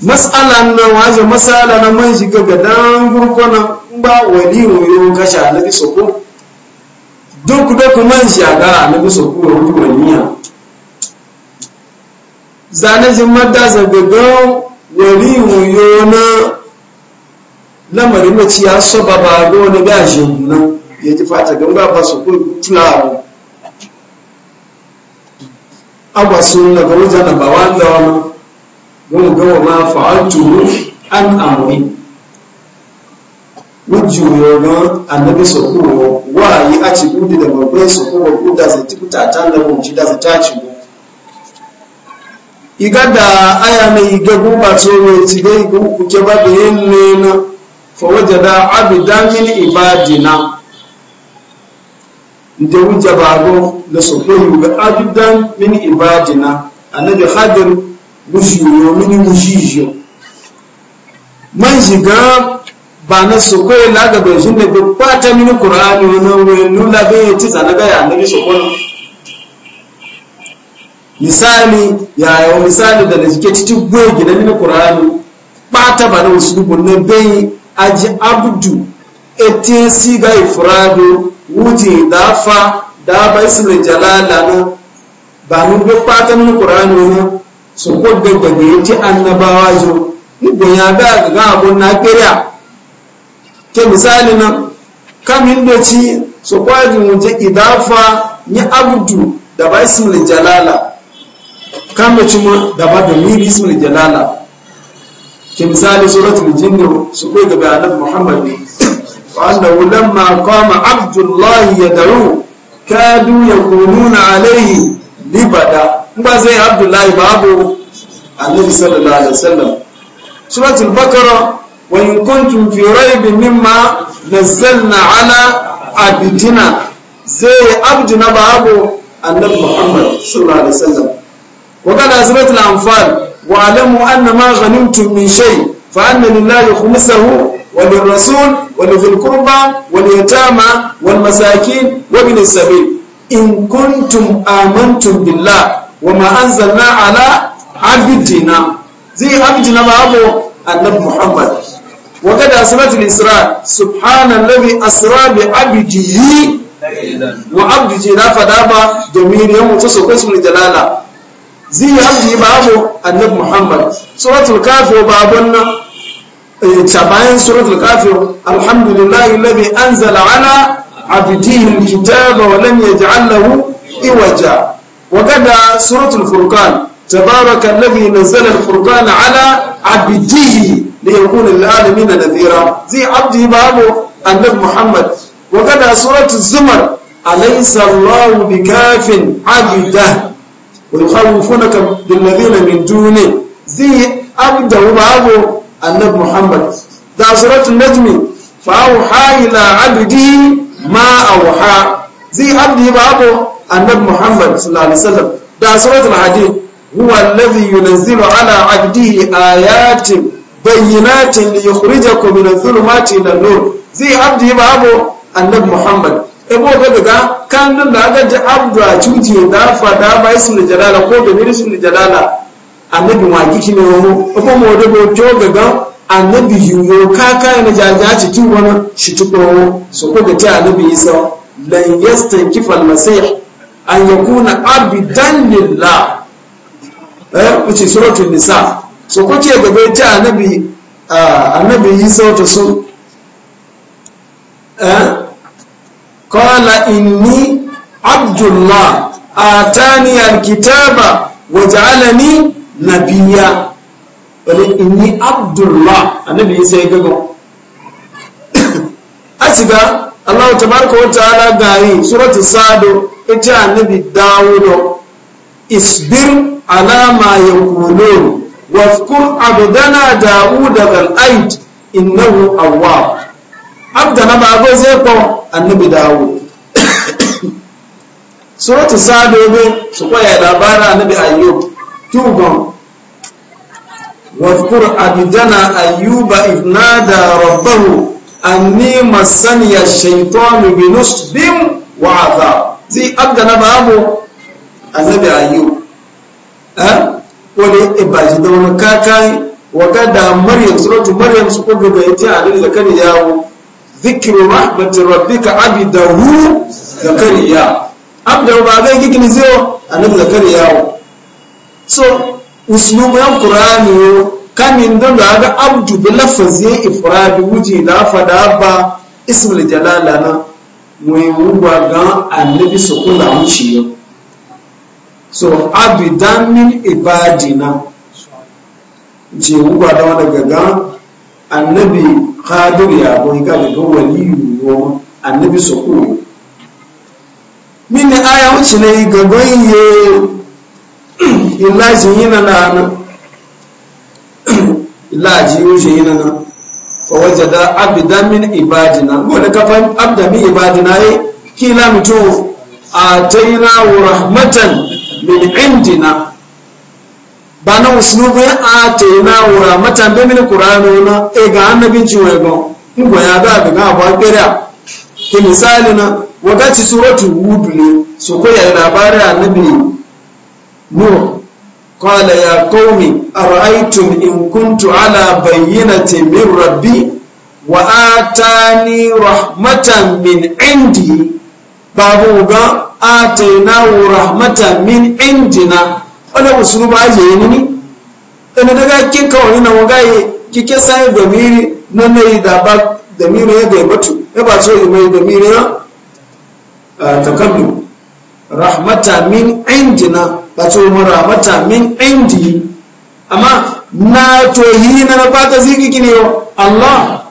mas'ala nan waje mas'ala na man shiga ga dan gurkona ba wali wayo kasha biso soko duk da kuma shaga annabi soko wani waliya zane jin madda zagaga wali wayo na lamarin da ya so ba ga wani gashin nan ya ji fata ga ba ba su kun tulawa agwasun daga wajen da ba wanda wani don gawa ma fa'altu an amri wujuyo don annabi sokowo wayi a ci gudu da babban sokowo ko da zai ci kuta ta da wuce da zai taci mu iga da aya mai iga guba to ne ci dai ku kuke ba da yin ne na fa wajada abdan min ibadina da ba go da sokowo ga abdan min ibadina annabi hadir mushiyo mini mushiyo man shiga ba na soko ya laga bai shi ne ba ta mini ƙura'ani wani wani nuna bai ya ci tsanaga ya nabi soko misali ya yawon misali da na jike titi goyi gina mini ƙura'ani ba ta ba na wasu dubun bai aji abdu etin siga ifrado wuji dafa da ba ismin jalala na ba nun bai ba ta mini ƙura'ani wani su kogbe daga ya ci annabawa zo ibon ya da ga abun na kirya ke misali nan kam hindoci ci su kwajin wuce idafa ni abdu da ba ismul jalala kam da ci da ba domin ismul jalala ke misali suratul jinni su kai gaba annabi muhammad ne wa annahu lamma qama abdullahi yad'u kadu yakununa alayhi libada ba zai abdullahi babu annabi sallallahu alaihi wasallam suratul bakara wa in kuntum fi raibin mimma nazzalna ala abidina zai abduna babu annabi muhammad sallallahu alaihi wasallam wa qala suratul anfal wa alamu anna ma ghanimtum min shay fa anna lillahi khumsahu وللرسول ولذي القربى masakin, والمساكين وابن sabil In kuntum amantum billah Wama ma anzalna ala abidina zai abidina ba abu annabi muhammad wa kada asratul isra subhanallazi asra bi abidihi wa abdihi na fada ba domin yan mutu so kasu jalala zai abdi ba abu annabi muhammad suratul kafir babun nan تبعين سورة الكافر الحمد لله الذي أنزل على عبده الكتاب ولم يجعل له إوجا وقد سورة الفرقان تبارك الذي نزل الفرقان على عبده ليكون للعالمين نذيرا زي عبده بابه النبي محمد وقد سورة الزمر أليس الله بكاف عبده ويخوفونك بالذين من دونه زي عبده بابه النبي محمد ذا سورة النجم فأوحى إلى عبده ما أوحى زي عبده بابه annabi muhammad sallallahu alaihi wasallam da suratul hadid huwa alladhi yunzilu ala abdihi ayatin bayyinatin li yukhrijakum min adh-dhulumati ila an-nur zai abdi ba abu annabi muhammad e, bo ga daga kanun da aka ji abdu a cuje da fada ba isu jalala ko da miri sun da jalala annabi wa kiki ne wo ko e, mo da go jo ga annabi yuwo kaka ne jaja ci ti wani shi ko so ko da ta annabi isa lan yastankifa al-masih an yakuna abidan lillah eh wuce suratul nisa so kuke gaba ta annabi annabi Isa wata so eh qala inni abdullah atani alkitaba waj'alani nabiyya wala inni abdullah annabi Isa ya gago asiga Allah tabaraka wa ta'ala gari suratu sadu ita annabi dawudo isbir ala ma yaqulun wafkur abdana dauda zal aid innahu awwab abdana bago zai ko annabi dawud suratu sadobe su kwaya labara annabi ayyub tugon wafkur abdana ayyuba ibnada rabbahu anni masaniya shaytanu binusbin wa azab zai agana babu annabi ayyub eh wani ibaji da wani kakai wa da maryam suratu maryam su kudu ga yace a duk kan yawo zikru rahmatin rabbika abidahu zakariya abda ba ba kike gikin zo annabi zakariya so uslubu ya qur'ani kamin don da ga abdu bi lafzi ifrad wuji la fada ba ismul jalala na mai wuwa gan anabi su kula so abidan min ibadina ce wuwa da wani gaga annabi kadir ya bai ga daga waliyu goma anabi su kula min ne aya wuce ne gaban ye ilajin yana wajada abdan min ibadina wani kafan abda min ibadina ya kila mutum a taina wa rahmatan min indina ba na wasu ya a taina wa rahmatan da min kurano na e ga annabin ciwo ya gan ngwa ya da daga abuwa kira ki misali na wagaci suratu hudu ne su koya labarin annabi nuhu قال يا قوم أرأيتم إن كنت على بينة من ربي وآتاني رحمة من عندي بابوغا آتيناه رحمة من عندنا أنا أسلوب أجيني أنا دقا كي كوني نوغاي كي ساي دميري نمي دابات دميري يدي بطو يبا سوي مي دميري تكبر rahmata min indina ba ce mu rahmata min indi amma na tohi na na bata zigi kini yo Allah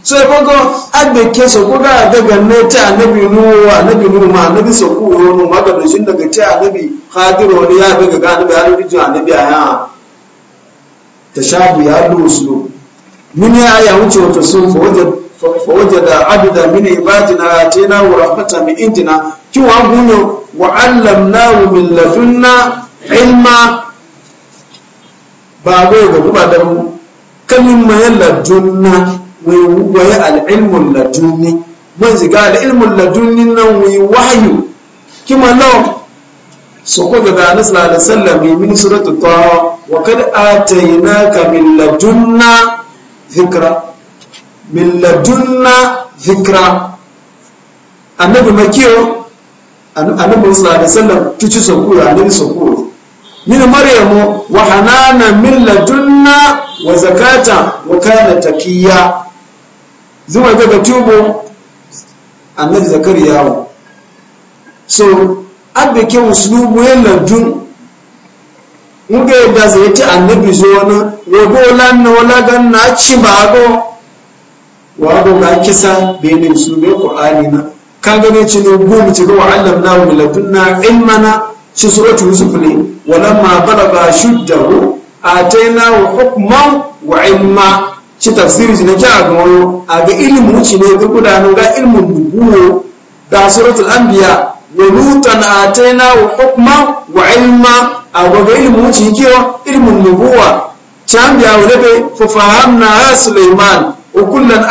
Sai ya kwanko agbeke so ko ga daga ne ta annabi nuwa annabi nuwa ma annabi so ku yo no ma da shin daga ta annabi hadir wani ya daga ga annabi ya rubuta annabi aya tashabu ya dusu min ya ya wuce wata sun fa wajada abda min ibadina atina wa rahmatan min injina. kí wa gúnyọ wà allamnahu min ladunna ilma ba bai ga kuma da mu kamin ma ya ladunna wai waye al'ilmun ladunni mun ziga al'ilmun ladunni nan wai ki kima lawa su ko da anas na da sallami min suratul taha wa kad atainaka min ladunna dhikra min ladunna dhikra annabi makiyo annabi sallallahu alaihi wasallam tuci sokuro annabi sokuro min maryamu wa hanana min ladunna wa zakata wa kana taqiya zuwa ga tubo annabi zakariya so abe ke uslubu ya ladun muga da zai ta annabi zo wani wago lanna wala ganna ci ba go wa go ga kisa bai ne uslubu ya qur'ani na kaga ne ci ne goma ci gawa allamna mu ladunna ilmana shi suratu yusuf ne walamma A shuddahu ataina wa hukman wa ilma ci tafsiri ji na ki a gano a ga ilimin ci ne ga gudanu ga ilimin dubuwo ga suratul anbiya wa lutan ataina wa hukman wa ilma a ga ilimin ci kewa ilimin nubuwa an biya wani bai fa fahamna ya suleiman wa kullan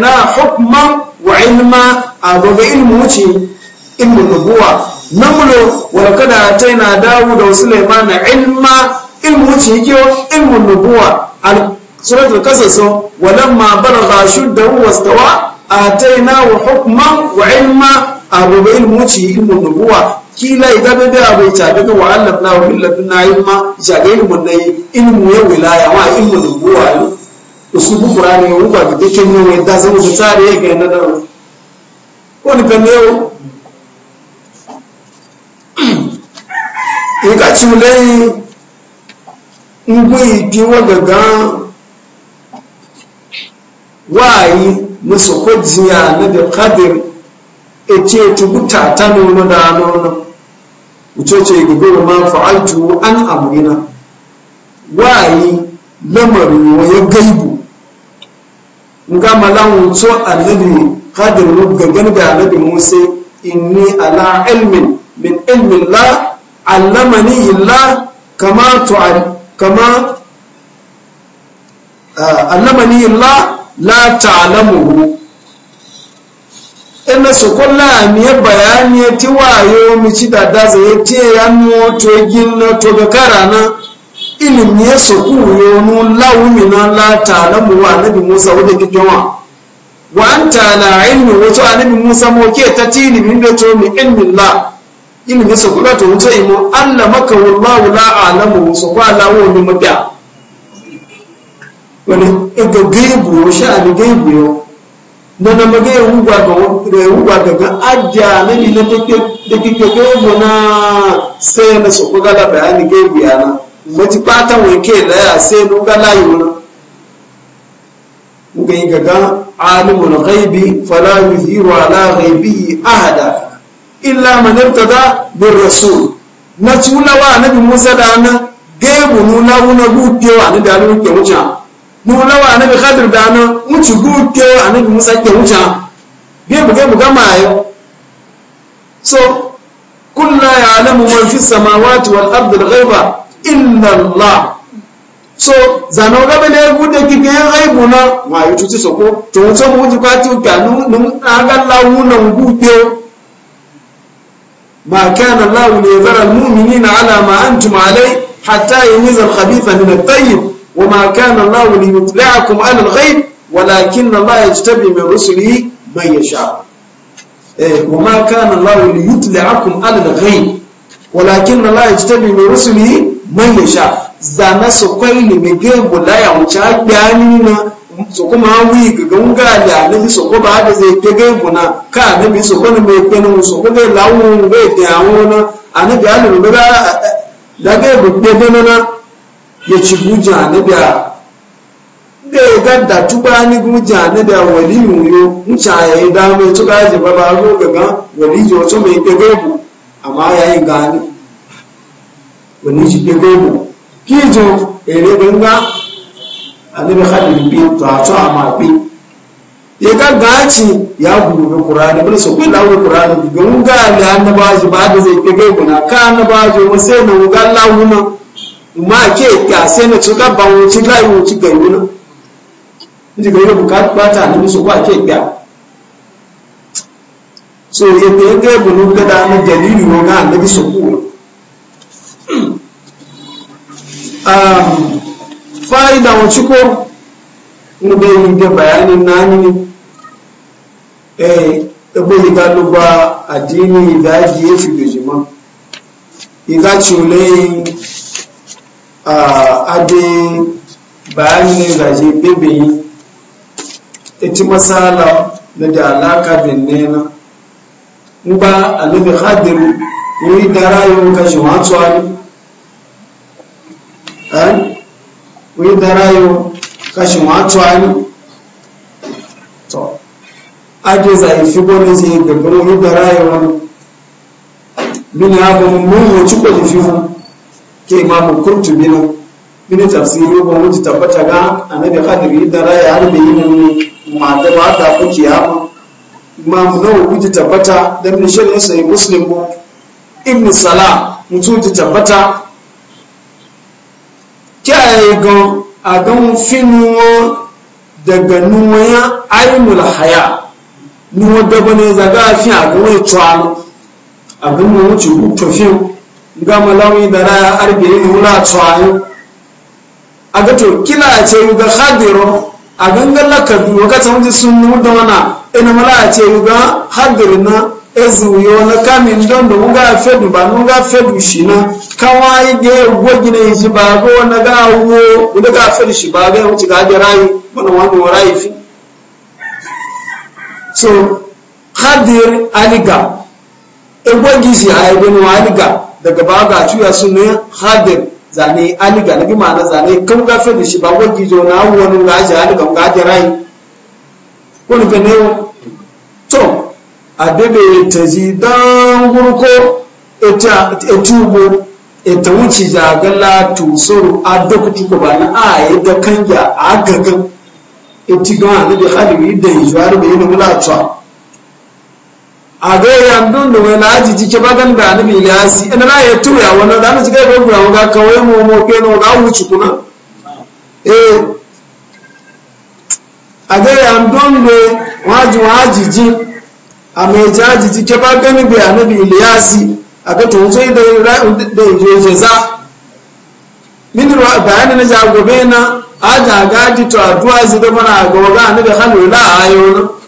na hukman wa ilma agoga ilmu wuce ilmu nubuwa Na namulo wa laqad atayna dawuda wa sulaymana ilma ilmu wuce yake ilmu nubuwa al surat al-qasas wa lamma balagha shuddahu wastawa ataynahu hukman wa ilma agoga ilmu wuce ilmu nubuwa kila idan bai da bai ta daga wa Allah na wa ladunna ilma jaga ilmu yi. ilmu ya wilaya wa ilmu nubuwa usubu qur'ani wa ba dukkan ne da zan tsare ga nan Ko ni kó nìkan ní ẹwọ́ ìkàtí lẹ́yìn ń gbé ìdíwọ́ gẹ̀gán wáyé musoko jiya na da kadir ece tubuta ta nuna da nuna wucece gaba ma fa'altu an amurina wayi lamarin ya gaibu nga ma malan wuto annabi kadir mu gangan da annabi Musa inni ala ilmin min ilmin la allamani illa kama tu'al kama ah, allamani illa la ta'lamuhu ina su kulla mi bayani ti wayo mi ci da ya mu to gin to da ilimi ya su ku yo nu lawu mi na la ta'lamu wa annabi Musa wada wa anta la ilmi wato annabi musa mo ke tatini min da to min ilmin la ilmi so kula to wato imo allah maka wallahu la alamu so kwa la wo ni mabia wani ego gaibu o sha ni gaibu yo na na ya wugwa ga wugwa ga ga ajja na ni na take da kike gaibu na sai na so kwa la bayani gaibu yana mati pata wake da ya sai nuga layi wannan ngai gaga alimul ghaibi fala yuthiru ala ghaibihi ahada illa man irtada bir rasul na tula wa nabi musa da na gebu nuna wuna gute wa ni da lu ke wuce nuna wa nabi khadir da na mutu gute wa nabi musa ke wuce gebu gebu gama ayo so kullu ya'lamu man fi samawati wal ardi al ghaiba illa allah so zano gaba ya bude kike yin aibu na ma yi cuci soko to wuce mu wuce kwati ka nun aga lawu na gube ma kana lawu ne zara mu'minina ala ma antum alai hatta yumiza al-khabitha min at-tayyib wa ma kana lawu li yutla'akum ala al-ghaib walakin Allah yajtabi min rusulihi man yasha eh wa ma kana lawu li yutla'akum ala al-ghaib walakin Allah yajtabi min rusulihi man yasha zana sokoini mege bulaya wuce agbani na so kuma wi gagan ga da nabi so ko ba da zai pege buna ka nabi so ko mai penu so ko ga lawo ga da awon na anabi alu ga da ga bu pege na ya ci buja anabi a ga ga da tuba ni buja anabi a wali yo ncha ya da mai tuba ji baba ro gagan wali yo so mai pege bu amma yayin gani wani shi pege bu hijo ere ganga annabi khalil bi to ato ama bi ya ga gaci ya gurbe qur'ani bar so kullu awul qur'ani ga unga ne annabaji ba da zai kage guna ka annabaji mu sai na uga lahuna ma ke ya sai na tuga ba mu ci lai mu ci ga yuna ji ga yuna bukat bata annabi so ba ke ya so ya ga gunu ga da annabi dalili wa ga annabi so ku Um, fa'ida wacce ko inda yi da bayanin nani eh, yi iga luba addini da ake yi fi ma iga culayin adin bayanin gaje bebeyi ita masala na da alaka binnena ba a nufi hadiru yi da rayuwar kashe wato wí dára yóò kashi wọn atọ anyị tọ adịza ifigbo n'ezie gbegoro onye dara anyị ọnụ mini abụ mmụọ chukwu ifihu ke ma imamu kurtu Min mini tafsiri ba mu ji tabbata ga annabi hadiri dara ya harbe yi mun ma da ba ta ku kiyama imamu nawa ku ji tabbata da min shirin sai muslim ibn salah mutu ji tabbata yi gan a gan finuwa daga nuwayan ainul haya nuwa daba ne zaga a fi a gan wani tuwalo a gan mu wuce wuce fiye ga malawi da raya arbe ne wula tuwayo a ga to kila ce ga hadiro a gangan lakabi wakatan wajen sun nuna wana ina mala ce ga hadirin na ezuyo na kamin don da nga fedu ba nga fedu shi na kawai da ya gwaji na yi ba ga wani ga wo da ga fedu shi ba ga wuce ga rayu mana wani wa rayu fi so hadir aliga e shi a yabe wa aliga daga ba ga tuya ya ne hadir zane aliga na ma ma'ana zane kan ga fedu shi ba gwaji jo na wani ga ji aliga ga rayu ko ne to abebe ta ji don gurko etubo ita wuce jagala tusuru a duk tuku ba na a yi da kanya a gagan eti gan a nabi halibi da yi zuwa da yi mula tuwa a ga ya don da na ji jike ba ganda da nabi liyasi ina na ya tuya wannan da na ji ga gura wani ga kawai mu mu ke na wuce kuma eh a ga ya don da waji waji ji a mai jaji jike ba gani bai annabi iliyasi a ga tunzo da da yoje za min ruwa bayani na jagobe na a da gaji to addu'a zai da mana ga waga annabi halu la ayo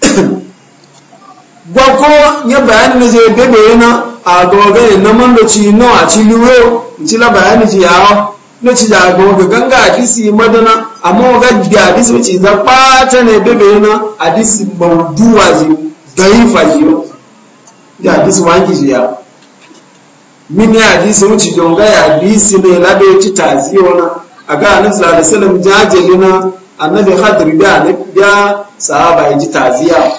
na gwako ya bayani na je bebe na a ga waga na man da ci no a ci luwo ci la bayani ci yawo na ci da ga ganga hadisi madana amma waga ga hadisi wuce da fata ne bebe yana hadisi mauduwa ji da yi fajiyo da hadisi wangi ji ya min ya hadisi wuce don ga hadisi ne labe ci tazi wani a ga annabi sallallahu alaihi wasallam jajeli na annabi hadir da ne ya sahaba ya ji taziya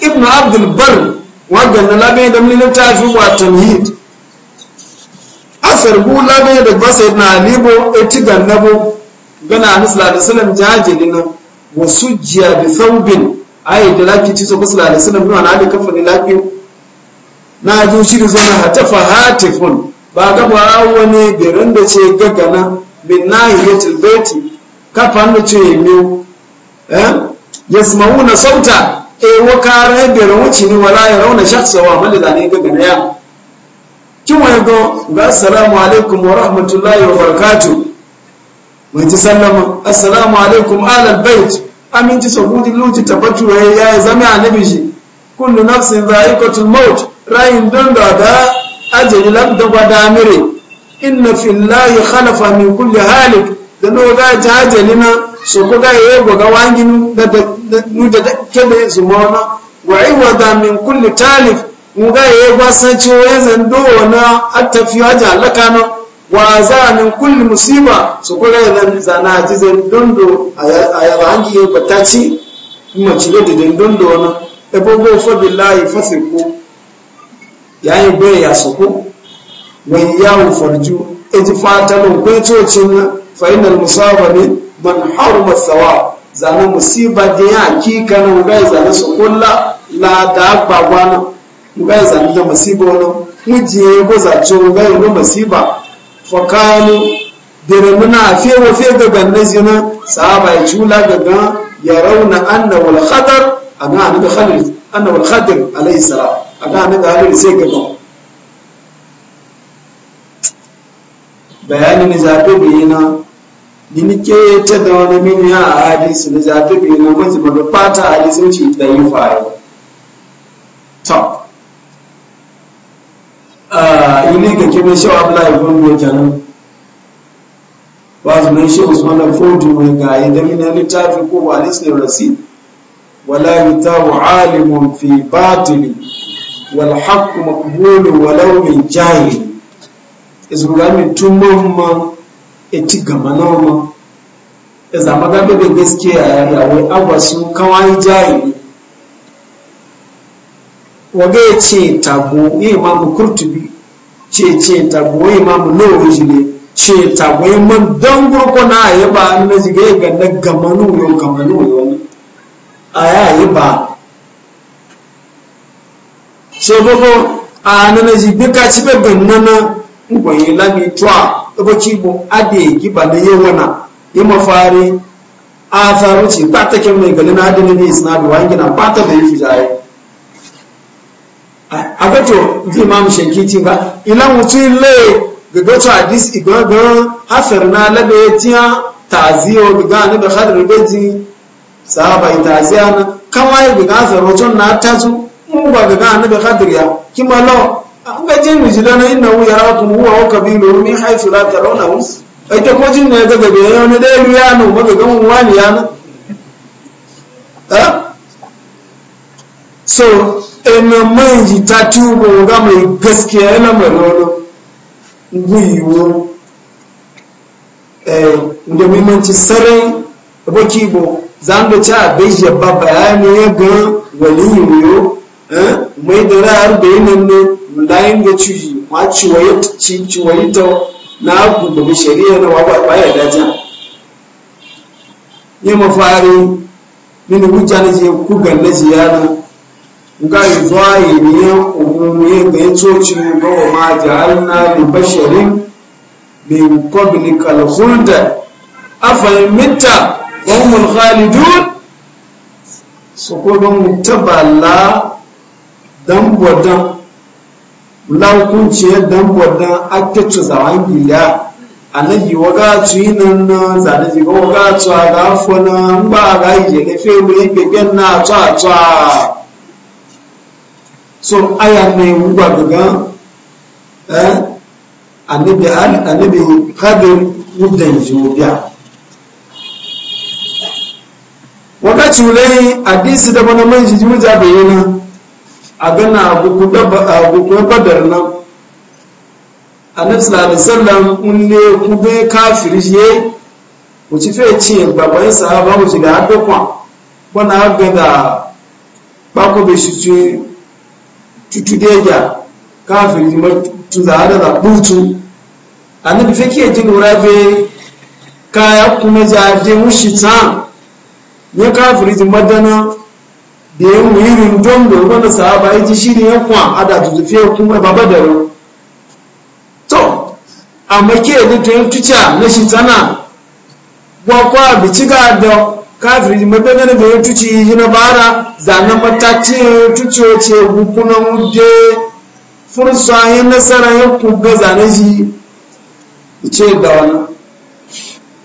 ibnu abdul bar wanda na labe da mun littafi wa tamhid asar hula ne da basa na libo eti gannabo gana anis lalisalam jajili na wasu jiya da saubin ayi da laki ci so basu lalisalam nuna na ali kafa ne laki na ji shi da zana hatafa hatifun ba gaba wani birin da ce gagana bin nahi ya tilbeti kafa hannu ce ya miyo eh? ya na sauta e eh, wakare birin wuce ne wala ya rauna shaksawa mali zane gagana ya kiwa yago ga assalamu alaikum wa rahmatullahi wa barakatuh mai ji sallama assalamu alaikum alal bait aminci sabudi luci tabbatu ya ya zama annabi shi kullu nafsin za'iqatul maut rayin don da da ajali labda mire inna fillahi khalafa min kulli halik da no da ajali na so ko ga yego ga wangin da da da kebe su wa wa iwada min kulli talif nga ye gwasanci wa zando na attafi haji halaka na wa za min kulli musiba su kula ya zana ji dondo a yaba hangi ya kwata ci ci da dondo na ebogo fa billahi fasiku ya yi bai ya suku wani yawon farju e ji fatalin kwaitocin na fa'inar musaba ne man haru masawa zana musiba da ya hakika na wuga ya zana su kula la da agbagwa na ngai zani da masiba wono mujiye ko zacho ngai no masiba fakalu dere muna fewa fe ga ganna zina sahaba ya chula gaga ya rauna anna wal khadar aga an ga khalil anna wal khadir alayhi salam aga an ga halil sai gaba bayani ne zabe bayina ni ke ta da wani mini a hadisi ne zabe bayina mun zuba fata hadisi ce da yi fa'a top jahili ga kimin shi wa abdullahi ibn goke wa su shi usman al-fawdi mai gaye da min littafi ko wa ne rasi wala yutabu alimun fi batili wal haqq maqbul walau min jahil izrugami tumma etigama noma iza magabe da gaskiya yawai agwa su kawai jahil waga ya ce tago imamu kurtubi ce ce ta goyi ma mu nawa ji ne ce ta goyi man don gurko na ya ba na ji ga ga na gamanu yo gamanu yo aya ya ba ce gogo a na na ji duka ci be ban na ngwaye la mi twa ebo ci bo ade ki ba na wana yi fari a faru ci ba ta kyan mai galina adini ne isnadu wa gina ba ta da yi fi jaye wato ji imamu shankiti ba ilan mutu ile gaga to hadis igagan hasar na labe tiya taziyo gaga ne da hadar beji sahaba itaziya na kama yi gaga hasar wato na tazu mu gaga ne da hadar ya kima lo an ga jin inna hu yarakum huwa wa qabilu min haythu la tarawnahu ai ne gaga be ne de riya no magaga mun wani na so ina man ji ta tubo ga mai gaskiya yana maroro gwiwo da eh, muhimmanci sarai baki bo za mu ci a bai ba bayani ya ga waliyu yo mai da ra'ar da yanin ne layin ga cuji ma ciwayita na gudubi shari'a na wa ba ya daja yi mafari mini hujja na je kugan na ziyara nga zahiriyan umumiyan da ya coci ga wa ma ja'alna mai basharin min qablik al khulda afal mitta wa humul khalidun so ko don mutaballa dan bodan laukunci dan bodan akketu zawan gila anayi waga tuinan na zane jiga waga tuwa ga afona ba ga ije ne fe mu yi na tuwa tuwa so aya mai wuwa daga annabi kadir wudan jiwobiya wata culai hadisi da wani man jiji wuja bayyana a gana gugunar badar nan annabi sallallahu alaihi wasallam kunne kube kafiri je mu ci fe ce baba yin sahaba mu shiga hadda kwa bana ga da bako bai shi tutudeja kafin jima tuzahada da butu annabi fake ji lura be kaya kuma jaje mushi ta ya kafin jima dana da ya muhirin don da wani sahaba ya ji shi ne ya kwa ada tutufe kuma baba da ru to amma ke da tutuca na shi tana gwakwa bici ga da kafiri mabe da ya tuci yi na bara zana mataci tuci wace hukuna wude fursa yi nasara ya kuga zane shi ce da wani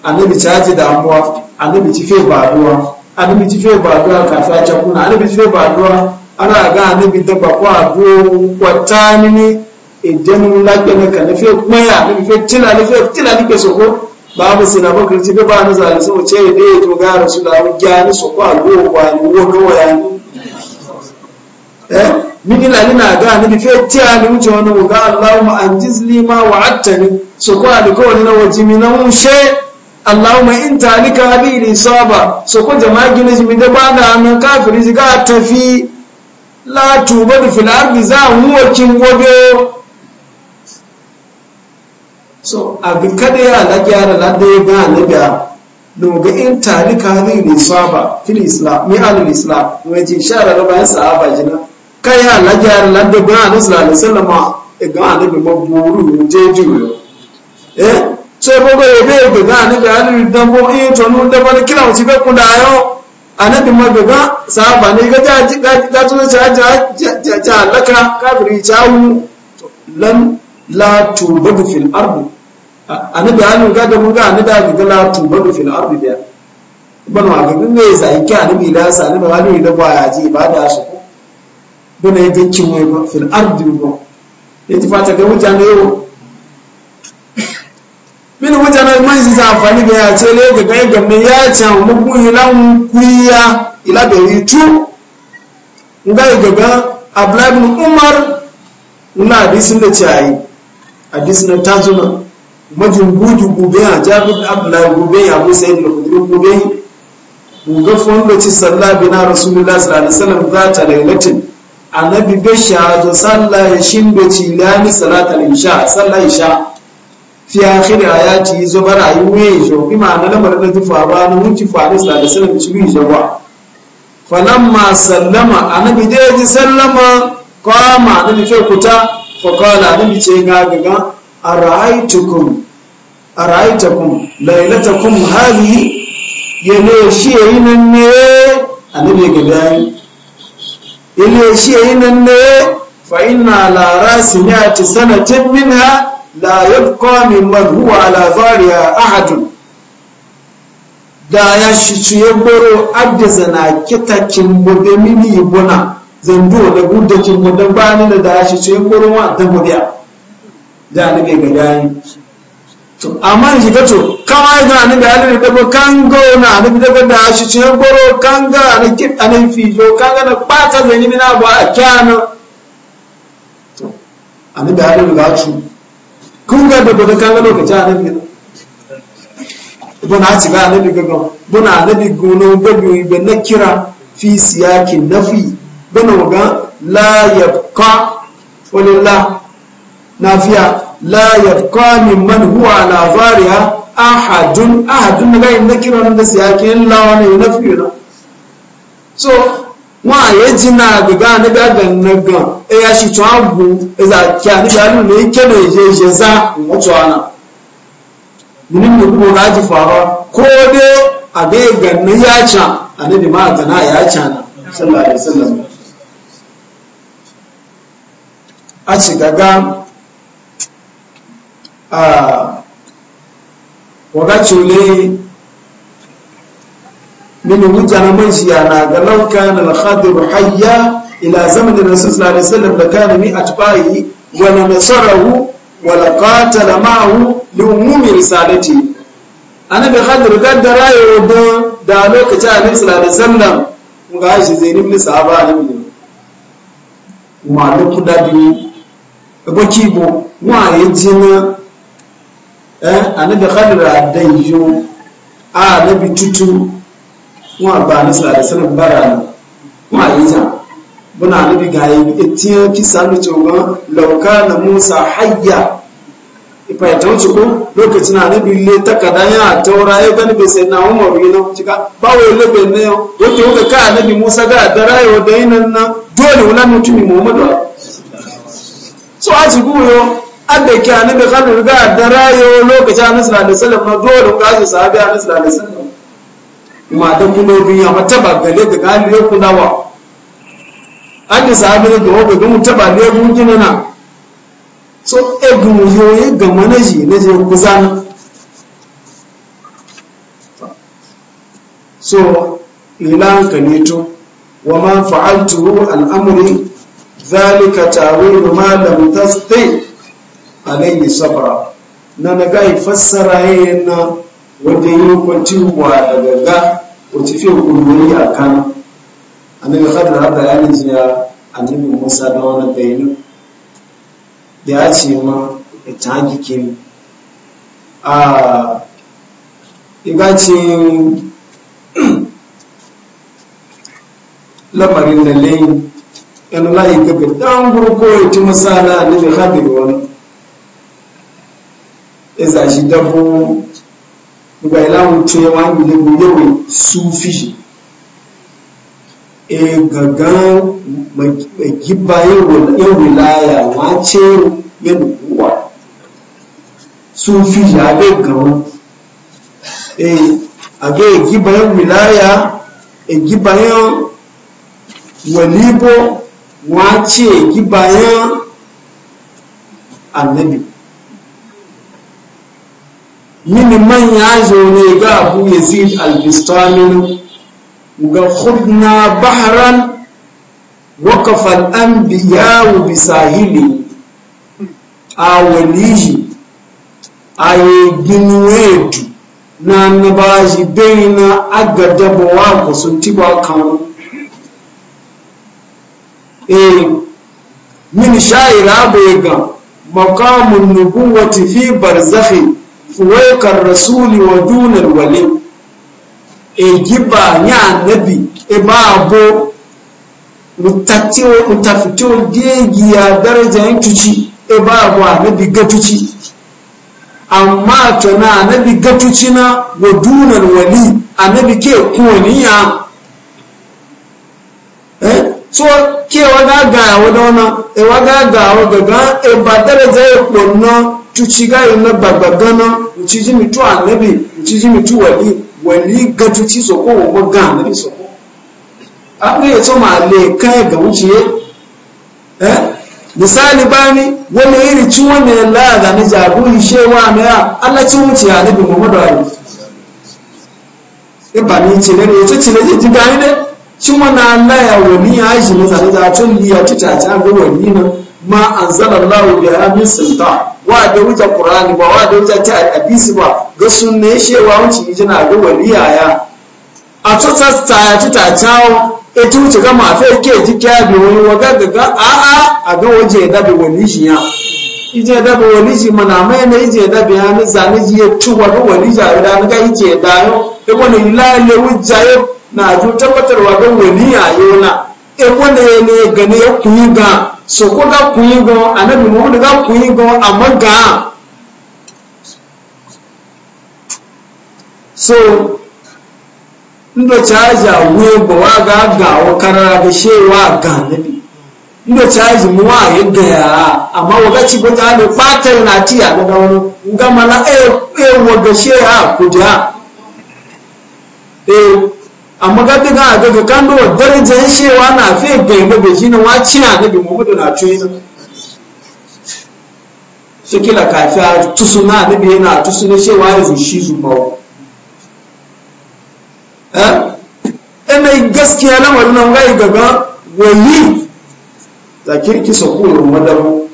annabi caji damuwa annabi ci fe baduwa annabi ci fe baduwa kafin a kuna annabi ci fe baduwa ana ga annabi ba ko abu kwata ni idan lagbana ka na fe kuma ya annabi fe tila ni fe tila ke soko babu suna bakar da ba na zalisi mu ce da ya to gara su da gyani su kwa go kwa ni wo go ya eh mini la ni na ga ni bi fetti a mu wuce wani mu ga Allahumma anjiz li ma wa'adtani su kwa ni ko na waje mi na mun she Allahumma in ka bi li saba su ko jama'a gina jimi da ba da nan kafiri ziga tafi la tuba filar bi za a wakin gobe so abin kada ya la gyara la da ga na ga doga in talika zai ne saba fil islam mi alul islam wace shara da bayan sahaba jina kai ya la gyara la da ga na sallallahu alaihi wasallam ga annabi maburu je juyo eh sai bogo e be ga annabi alul dambo e to nun da bar kira wuci be kula yo annabi mabuga sahaba ne ga ta ji ga to ta ja ja laka kafiri chawu lan la tubadu fil ardi ani da hannun gada mun ga ani da ga la tuba bi fil ardi biya ban wa ga ne sai ki ani bi da sa ani ba ni da ba ya ji ibada su bana yake cin wai ba fil ardi ba ji fata ga mutane yau min mutane man su sa amfani ga ya ce le ga ga me ya ce mu ku hilan ya, ila da yitu ga ga ga abla umar na hadisin da ci ayi hadisin da tazuna majumbuju gube a jabir abdullahi gube ya abu sayyid al-khudri gube buga fondo ci salla bina rasulullah sallallahu alaihi wasallam za ta lailatin annabi be sha to salla ya shimbe ci lani salatal insha salla insha fi akhir ayati zo bara yi we jo bi ma na lamar da tufa ba na mun ci faru sallallahu alaihi wasallam ci bi jo ba falamma sallama annabi je ji sallama qama annabi ce kuta fa qala annabi ce ga ga ara'aytukum ara'aytakum laylatakum hadhihi yele shi yayin ne annabi ga dai yele shi yayin ne fa inna la rasimiyati sanatin minha la yabqa mimman a ala da ya shi ya goro adda na kita kin gobe mini ibona zando da gudakin gobe bani da da ya shi ya goro wa da gobe da alibe ga dani to amma shi ga to kama ga ni da alibe da kan na ni da da shi goro kan ga ni kit anan fijo kan ga na bata da na ba kyana to ani da alibe ga tu kun ga da da kan ga lokaci anan ne buna ci ga alibe ga gono gabi na kira fi siyakin nafi buna ga la wani la. nafiya la yabqa mimman huwa ala zariha ahadun ahadun ga inda kiran da siyake la wani ne na so wa ye na daga na ga gannaga e ya shi to bu a za kya ni ga ne ke ne je je za mu to ana mun ne ko ga ji fara ko dai a ga gannan ya ca annabi ma na ya ca na sallallahu alaihi wasallam a ci gaga wakati ule mini hujja na na ga lauka na alhadiru hayya ila zamanin da sallallahu alaihi da kana mi atbai wani la nasarahu wa la ma'ahu li umumi risalati annabi khadir gaddara yo da da lokacin annabi sallallahu alaihi wasallam ga shi zai ibn sahaba ne mu anabi khadra adayu a anabi tutu mu aba ni sara sana bara ni mu ayisa buna anabi gaye etiyo ki sanu ga lauka na musa hayya ipa ya tawo chuko lokaci na anabi le takada ya tawra e gani be sai na umar yi na chika bawo le be ne yo ke ka anabi musa ga dara yo dai nan na dole wala mutumi muhammadu so a ci yo abda ke hannu da kanu ga da rayo lokacin annabi sallallahu alaihi wasallam dole ga su sahabi annabi sallallahu alaihi wasallam ma dan kuno bi ya mata ba gale da gani galiyo kulawa annabi sahabi da ga mu taba ne mu mun na so yo yoye ga manaji ne je ku zan so ilan kanito wa ma fa'altu al amri dhalika ta'wilu ma lam tastati alayhi sabra na na ga fassara yayin na wanda yi kwanci wa daga ga wace fi hukumuri a kan annabi khadar har bayanin jiya annabi musa da wani bayani da ya ce ma ita hakikin a igacin lamarin da lai yan layi gaba dan gurko ya ci misala annabi khadar wani eza shi dabo ga ilahun ce wa gile gobe su fiji. e gangan magibba yin wilaya wace yin kuwa sufi ya ga gawa e a ga gibba yin wilaya e gibba yin walibo wace gibba yin annabi mini man ya ne ga abu yazid al-bistami ga khudna bahran waqafa al-anbiya bi sahili awalihi aye ginuwetu na annabaji baina agadaba wa ku kan eh min sha'ira ga maqamun nubuwati fi barzakhi fuwaikar rasuli wa dunar wali e giba ni annabi e, e, eh, e, e ba abo mutafito gegiya darajar tuci e ba abo annabi gatuci amma tana annabi gatuci na wa dunar wali annabi ke kuwaniya so ke waga gawa da wannan e waga gawa gaga e ba darajar ya tucigayo na gbagbagana muciji mitu annabi muciji tu wali wali ga tuci soko wa ga anabi soko abu ya to ma le kai ga wuce ye eh misali bani wani iri ci wani la da ni jabuli shewa na ya Allah ci wuci annabi Muhammadu ali e ba ni ci ne to ci ne ji gani ne ci wani Allah ya wani ya ji ne za ta tun liya ta ta ga wani na ma anzalallahu biha min sultan wa da wuta qur'ani ba wa da wuta ta hadisi ba ga sunne shewa wuce ijina ga waliya ya a to ta ta ta ta tawo e wuce ga ma fe ke ji kya bi wani waga daga a a a ga waje da bi wani shi ya ije da wani shi mana mai ne ije da bi hani zani ji ya tu ga wani ja da ga ije da yo e ko ne la le wuja na ju tabbatarwa ga wani ya yo na e ko ne ne ga ne ya kuyi ga Soko ko ga kuyi gan annabi muhammadu ga kuyi gan amma ga so ndo chaja webo wa ga ga wa karara ga she wa ga nabi ndo chaji mu wa yi yadda ya amma wa ga ci ko ta ne fatal na ti ya ga wani ga mala e e wa ga shi ha ku ha e amma ga diga ga ga kando darajar shewa na fi gaibe da shi na wace na nabi muhammadu na cuyi na su kila kafi a tusu na nabi yana tusu na shewa ya zushi su bawo ɗan eh? gaskiya lamarin nan gai gaga wani da kirki sakuwar madabu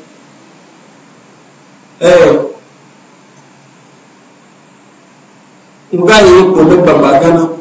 eh ga yi kodin babagana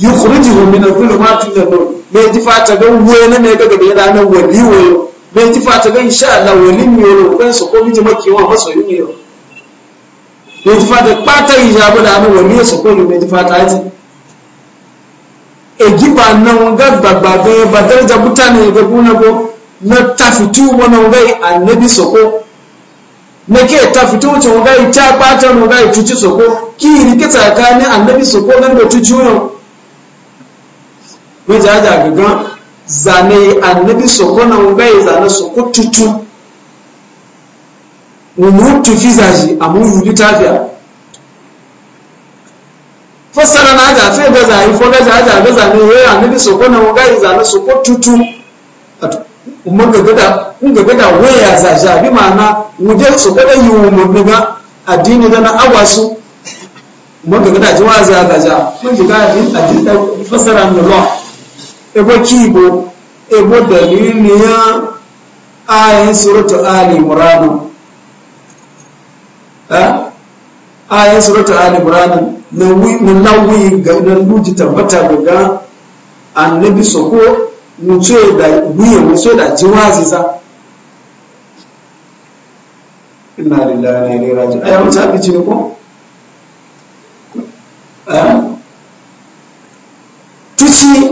yukhrijuhu min adh-dhulumati ila an-nur me ji fata ga wena me ga gabe da nan wali wayo me ji fata ga insha Allah wali mi yoro kan so ko mi ji makiwa e maso yuni yo me ji fata pata ijabu da nan wali so ko me ji fata aji e ji ba nan ga babba be badar da mutane ga kuna go na tafitu wana ngai annabi soko Me ke tafitu wuce ngai ta pata ngai tuci soko ki rike tsakanin annabi soko nan da tuci yau wija da gaga zane annabi soko na zane soko tutu mu tufi zaji amu yuli tafiya fassara na ga fe ga zai fo ga za ga ga zane we annabi soko na ngai zane soko tutu umma ga gada in ga gada waya zaji abi mana wuje soko da yiwu na agwasu umma ga gada ji wa za ga ja mun ji ga addini fasara na ebo kibo ebo ya ayin suratu ali ha ayin suratu ali muradu na nawi ga nan duji tabbata daga annabi soko ce da mu ce da jiwazi za inna lillahi wa inna ilaihi raji'un ayi wata abici ne ko tuci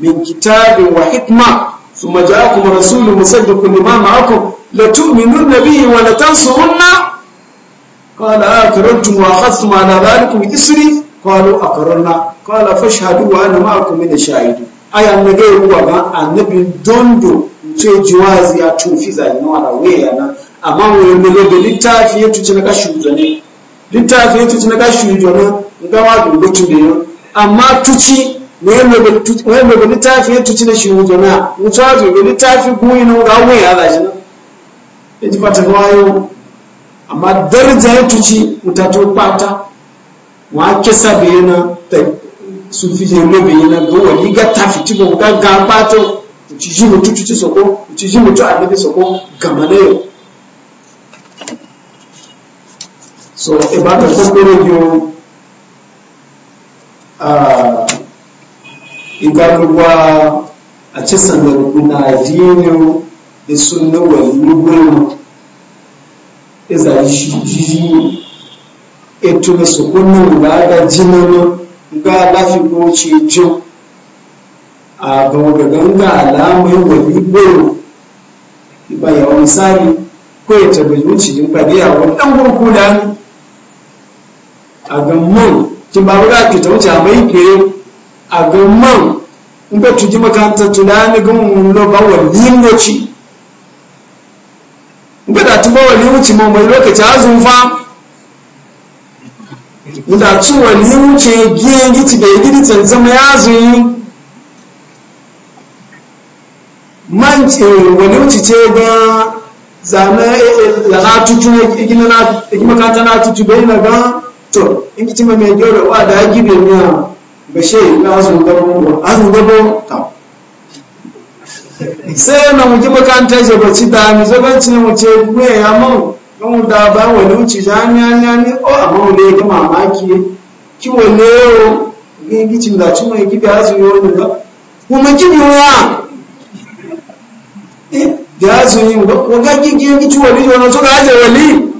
min kitabin wa hikma su ma ja'akum rasulun musaddiqun lima ma'akum la tu'minun nabiyyi wa la tansurunna qala akrantum wa akhadhtum ala dhalikum isri qalu akrarna qala fashhadu wa ana ma'akum min ashahidi aya nage ruwa ga annabi dondo ce jiwazi ya tufi zai na wala we yana amma we ne le be litafi yetu cin ga shuje ne litafi yetu cin ga shuje ne ga wa dubu amma tuci wai mai littafi ya tuci na shi na wuce wazo ga littafi gumi na wuga wani ya zaji na ya ji fata wayo amma daraja ya tuci mutato kwata wa kisa bai na ta sufi ya lobe yi na ga wani ga tafi ci ga ga ci ji mutu tuci soko ci ji mutu annabi soko gama na yau so ibada kokoro biyu ah, a igaruwa a ci sanarkuna adinin da sun nawa sunna wallugun iza jiji eto da sukunin ga ga jinan ga lafi ko cejo a ga ganga alamun wallugun ba ya wani sari ko ya tabi zuci in ba biya wani dan gurgu da a ga mun kin ba wuga ki ta wuce a mai kere a e, e, ga man e in ka tuji makaranta tunani ga mun lo ba wani yi in ka da ba wani wuce ma mai lokaci azun fa da ci wani wuce giye giti da ya gidi can zama ya zuyi man ce wani wuce ce ga zane ya na tutu ya gina makaranta na tutu bai na ga to in gici ma mai gyau da wa da ya gibe miya bashe na wasu gabo an gabo ta sai na muke makaranta ce bacci da mu zo bacci na muke ne ya mu don da ba wani wuce ja nya nya ni o amma mu ne ga mamaki ki wale o ne gicin da ci mai gibi hazu yo ne ga kuma gibi wa eh da hazu yin ga ko ga gigi gici wali yo na so ga haje wali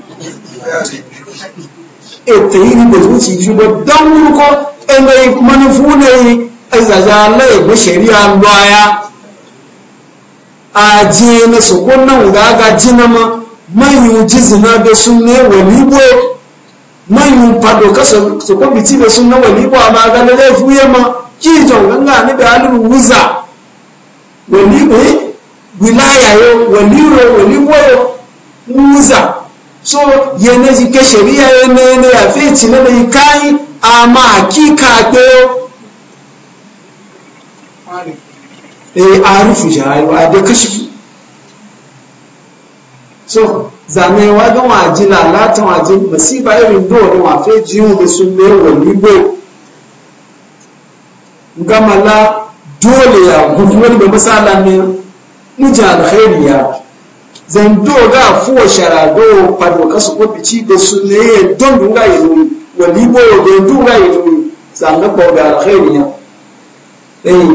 eh yi ni da zuci ji ba dan ko ɗanɗai manufu ne a zaga laifin shari'a baya a je na sokon nan ga ga jina ma manyu ji zina da sun ne walibo manyu fado ka sokon biti da sun na walibo amma ga na laifu ya ma ki jan ganga ni da halin wuza walibo wilaya yo waliro walibo yo wuza so yana ji ka shari'a yana yana ya fi ci yi kayi ama eh arufu pé àrùfù da kashi so zàmẹ́wà gánwà àjílà látàwọn àjí mọ̀síbà ìrìn náà ni wà sun jíhùn lóṣù mẹ́wọ̀ nígbò gamala dole ya gudu wani bai misala ne nijin alkhairi ya zan ga fuwa sharado kwado kasu ko da su ne don dunga yi zo walibo da duba yi sannan ko ga alkhairi ya eh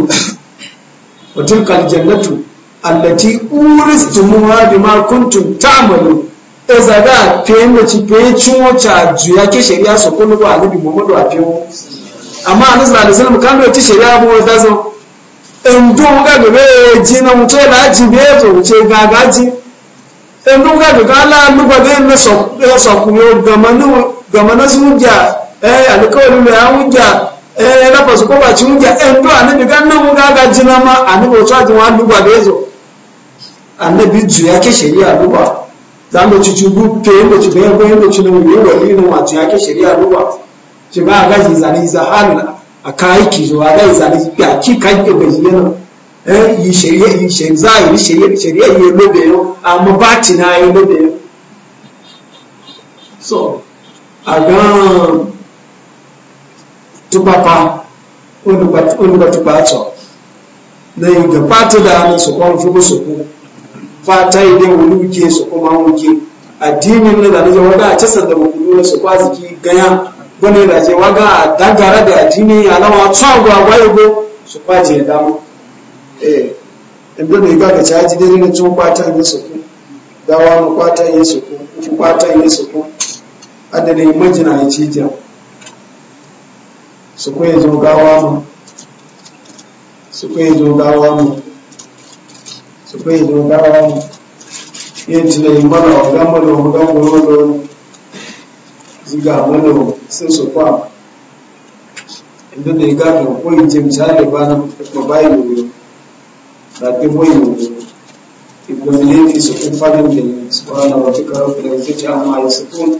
wa tilka aljannatu allati uristumuha bima kuntum ta'malu eza da pembe ci pe chuo cha juya ke sheria so ko nugo alibi muhammadu afiwo amma annabi sallallahu alaihi wasallam kan ci sheria bu da zo en do ga be ji na mutai la ji be zo ce ga ga ji en do ga ga la mu ba ne so so ku yo ga manu gama na sun ja eh alkawari mai an ja eh lafa su koba ci eh, gan nan ga jina ma annabi wata jin wa duba da yazo annabi ju ya ke shari'a za mu ci ci ke mu bayan mu ci ne mu yi wali ya ke shari'a shi a ke yi yi eh, yi shari'a yi lobe yo yi lobe so a gan tupapa olùgbà tupa tọ̀ na ìgbà pàtó dáná sọ̀kọ́ fúgbó sọ̀kọ́ fata ilé olùwíkẹ́ sọ̀kọ́ máa ń wíkẹ́ àdínì ní ìdánilẹ́ wọ́n dá àtẹ́sẹ̀ da kúrú lọ sọ̀kọ́ àzìkí ganyan gbọ́nà ìdàjẹ́ wọ́n gá àdágara ga àdínì aláwọ̀ atún àgọ́ àgbáyébó sọ̀kọ́ àjẹ́ ìdámọ́ ẹgbẹ́ni ìgbà kẹta ajídé nínú tí wọ́n pátá ilé sọ̀kọ́ dáwọn pátá adana yi majina ya cijin su kwaye zo gawa mu su kwaye zo gawa mu su kwaye zo gawa mu yin tuna yi mana wa gama da wa gama wa da ziga mana sun su kwa inda da ya gafi wa kwaye jim tare ba na mabayin wuri da ta kwaye wuri ibn laifi su kun fadin da su kwana wata karo da ya ce amma ya su kun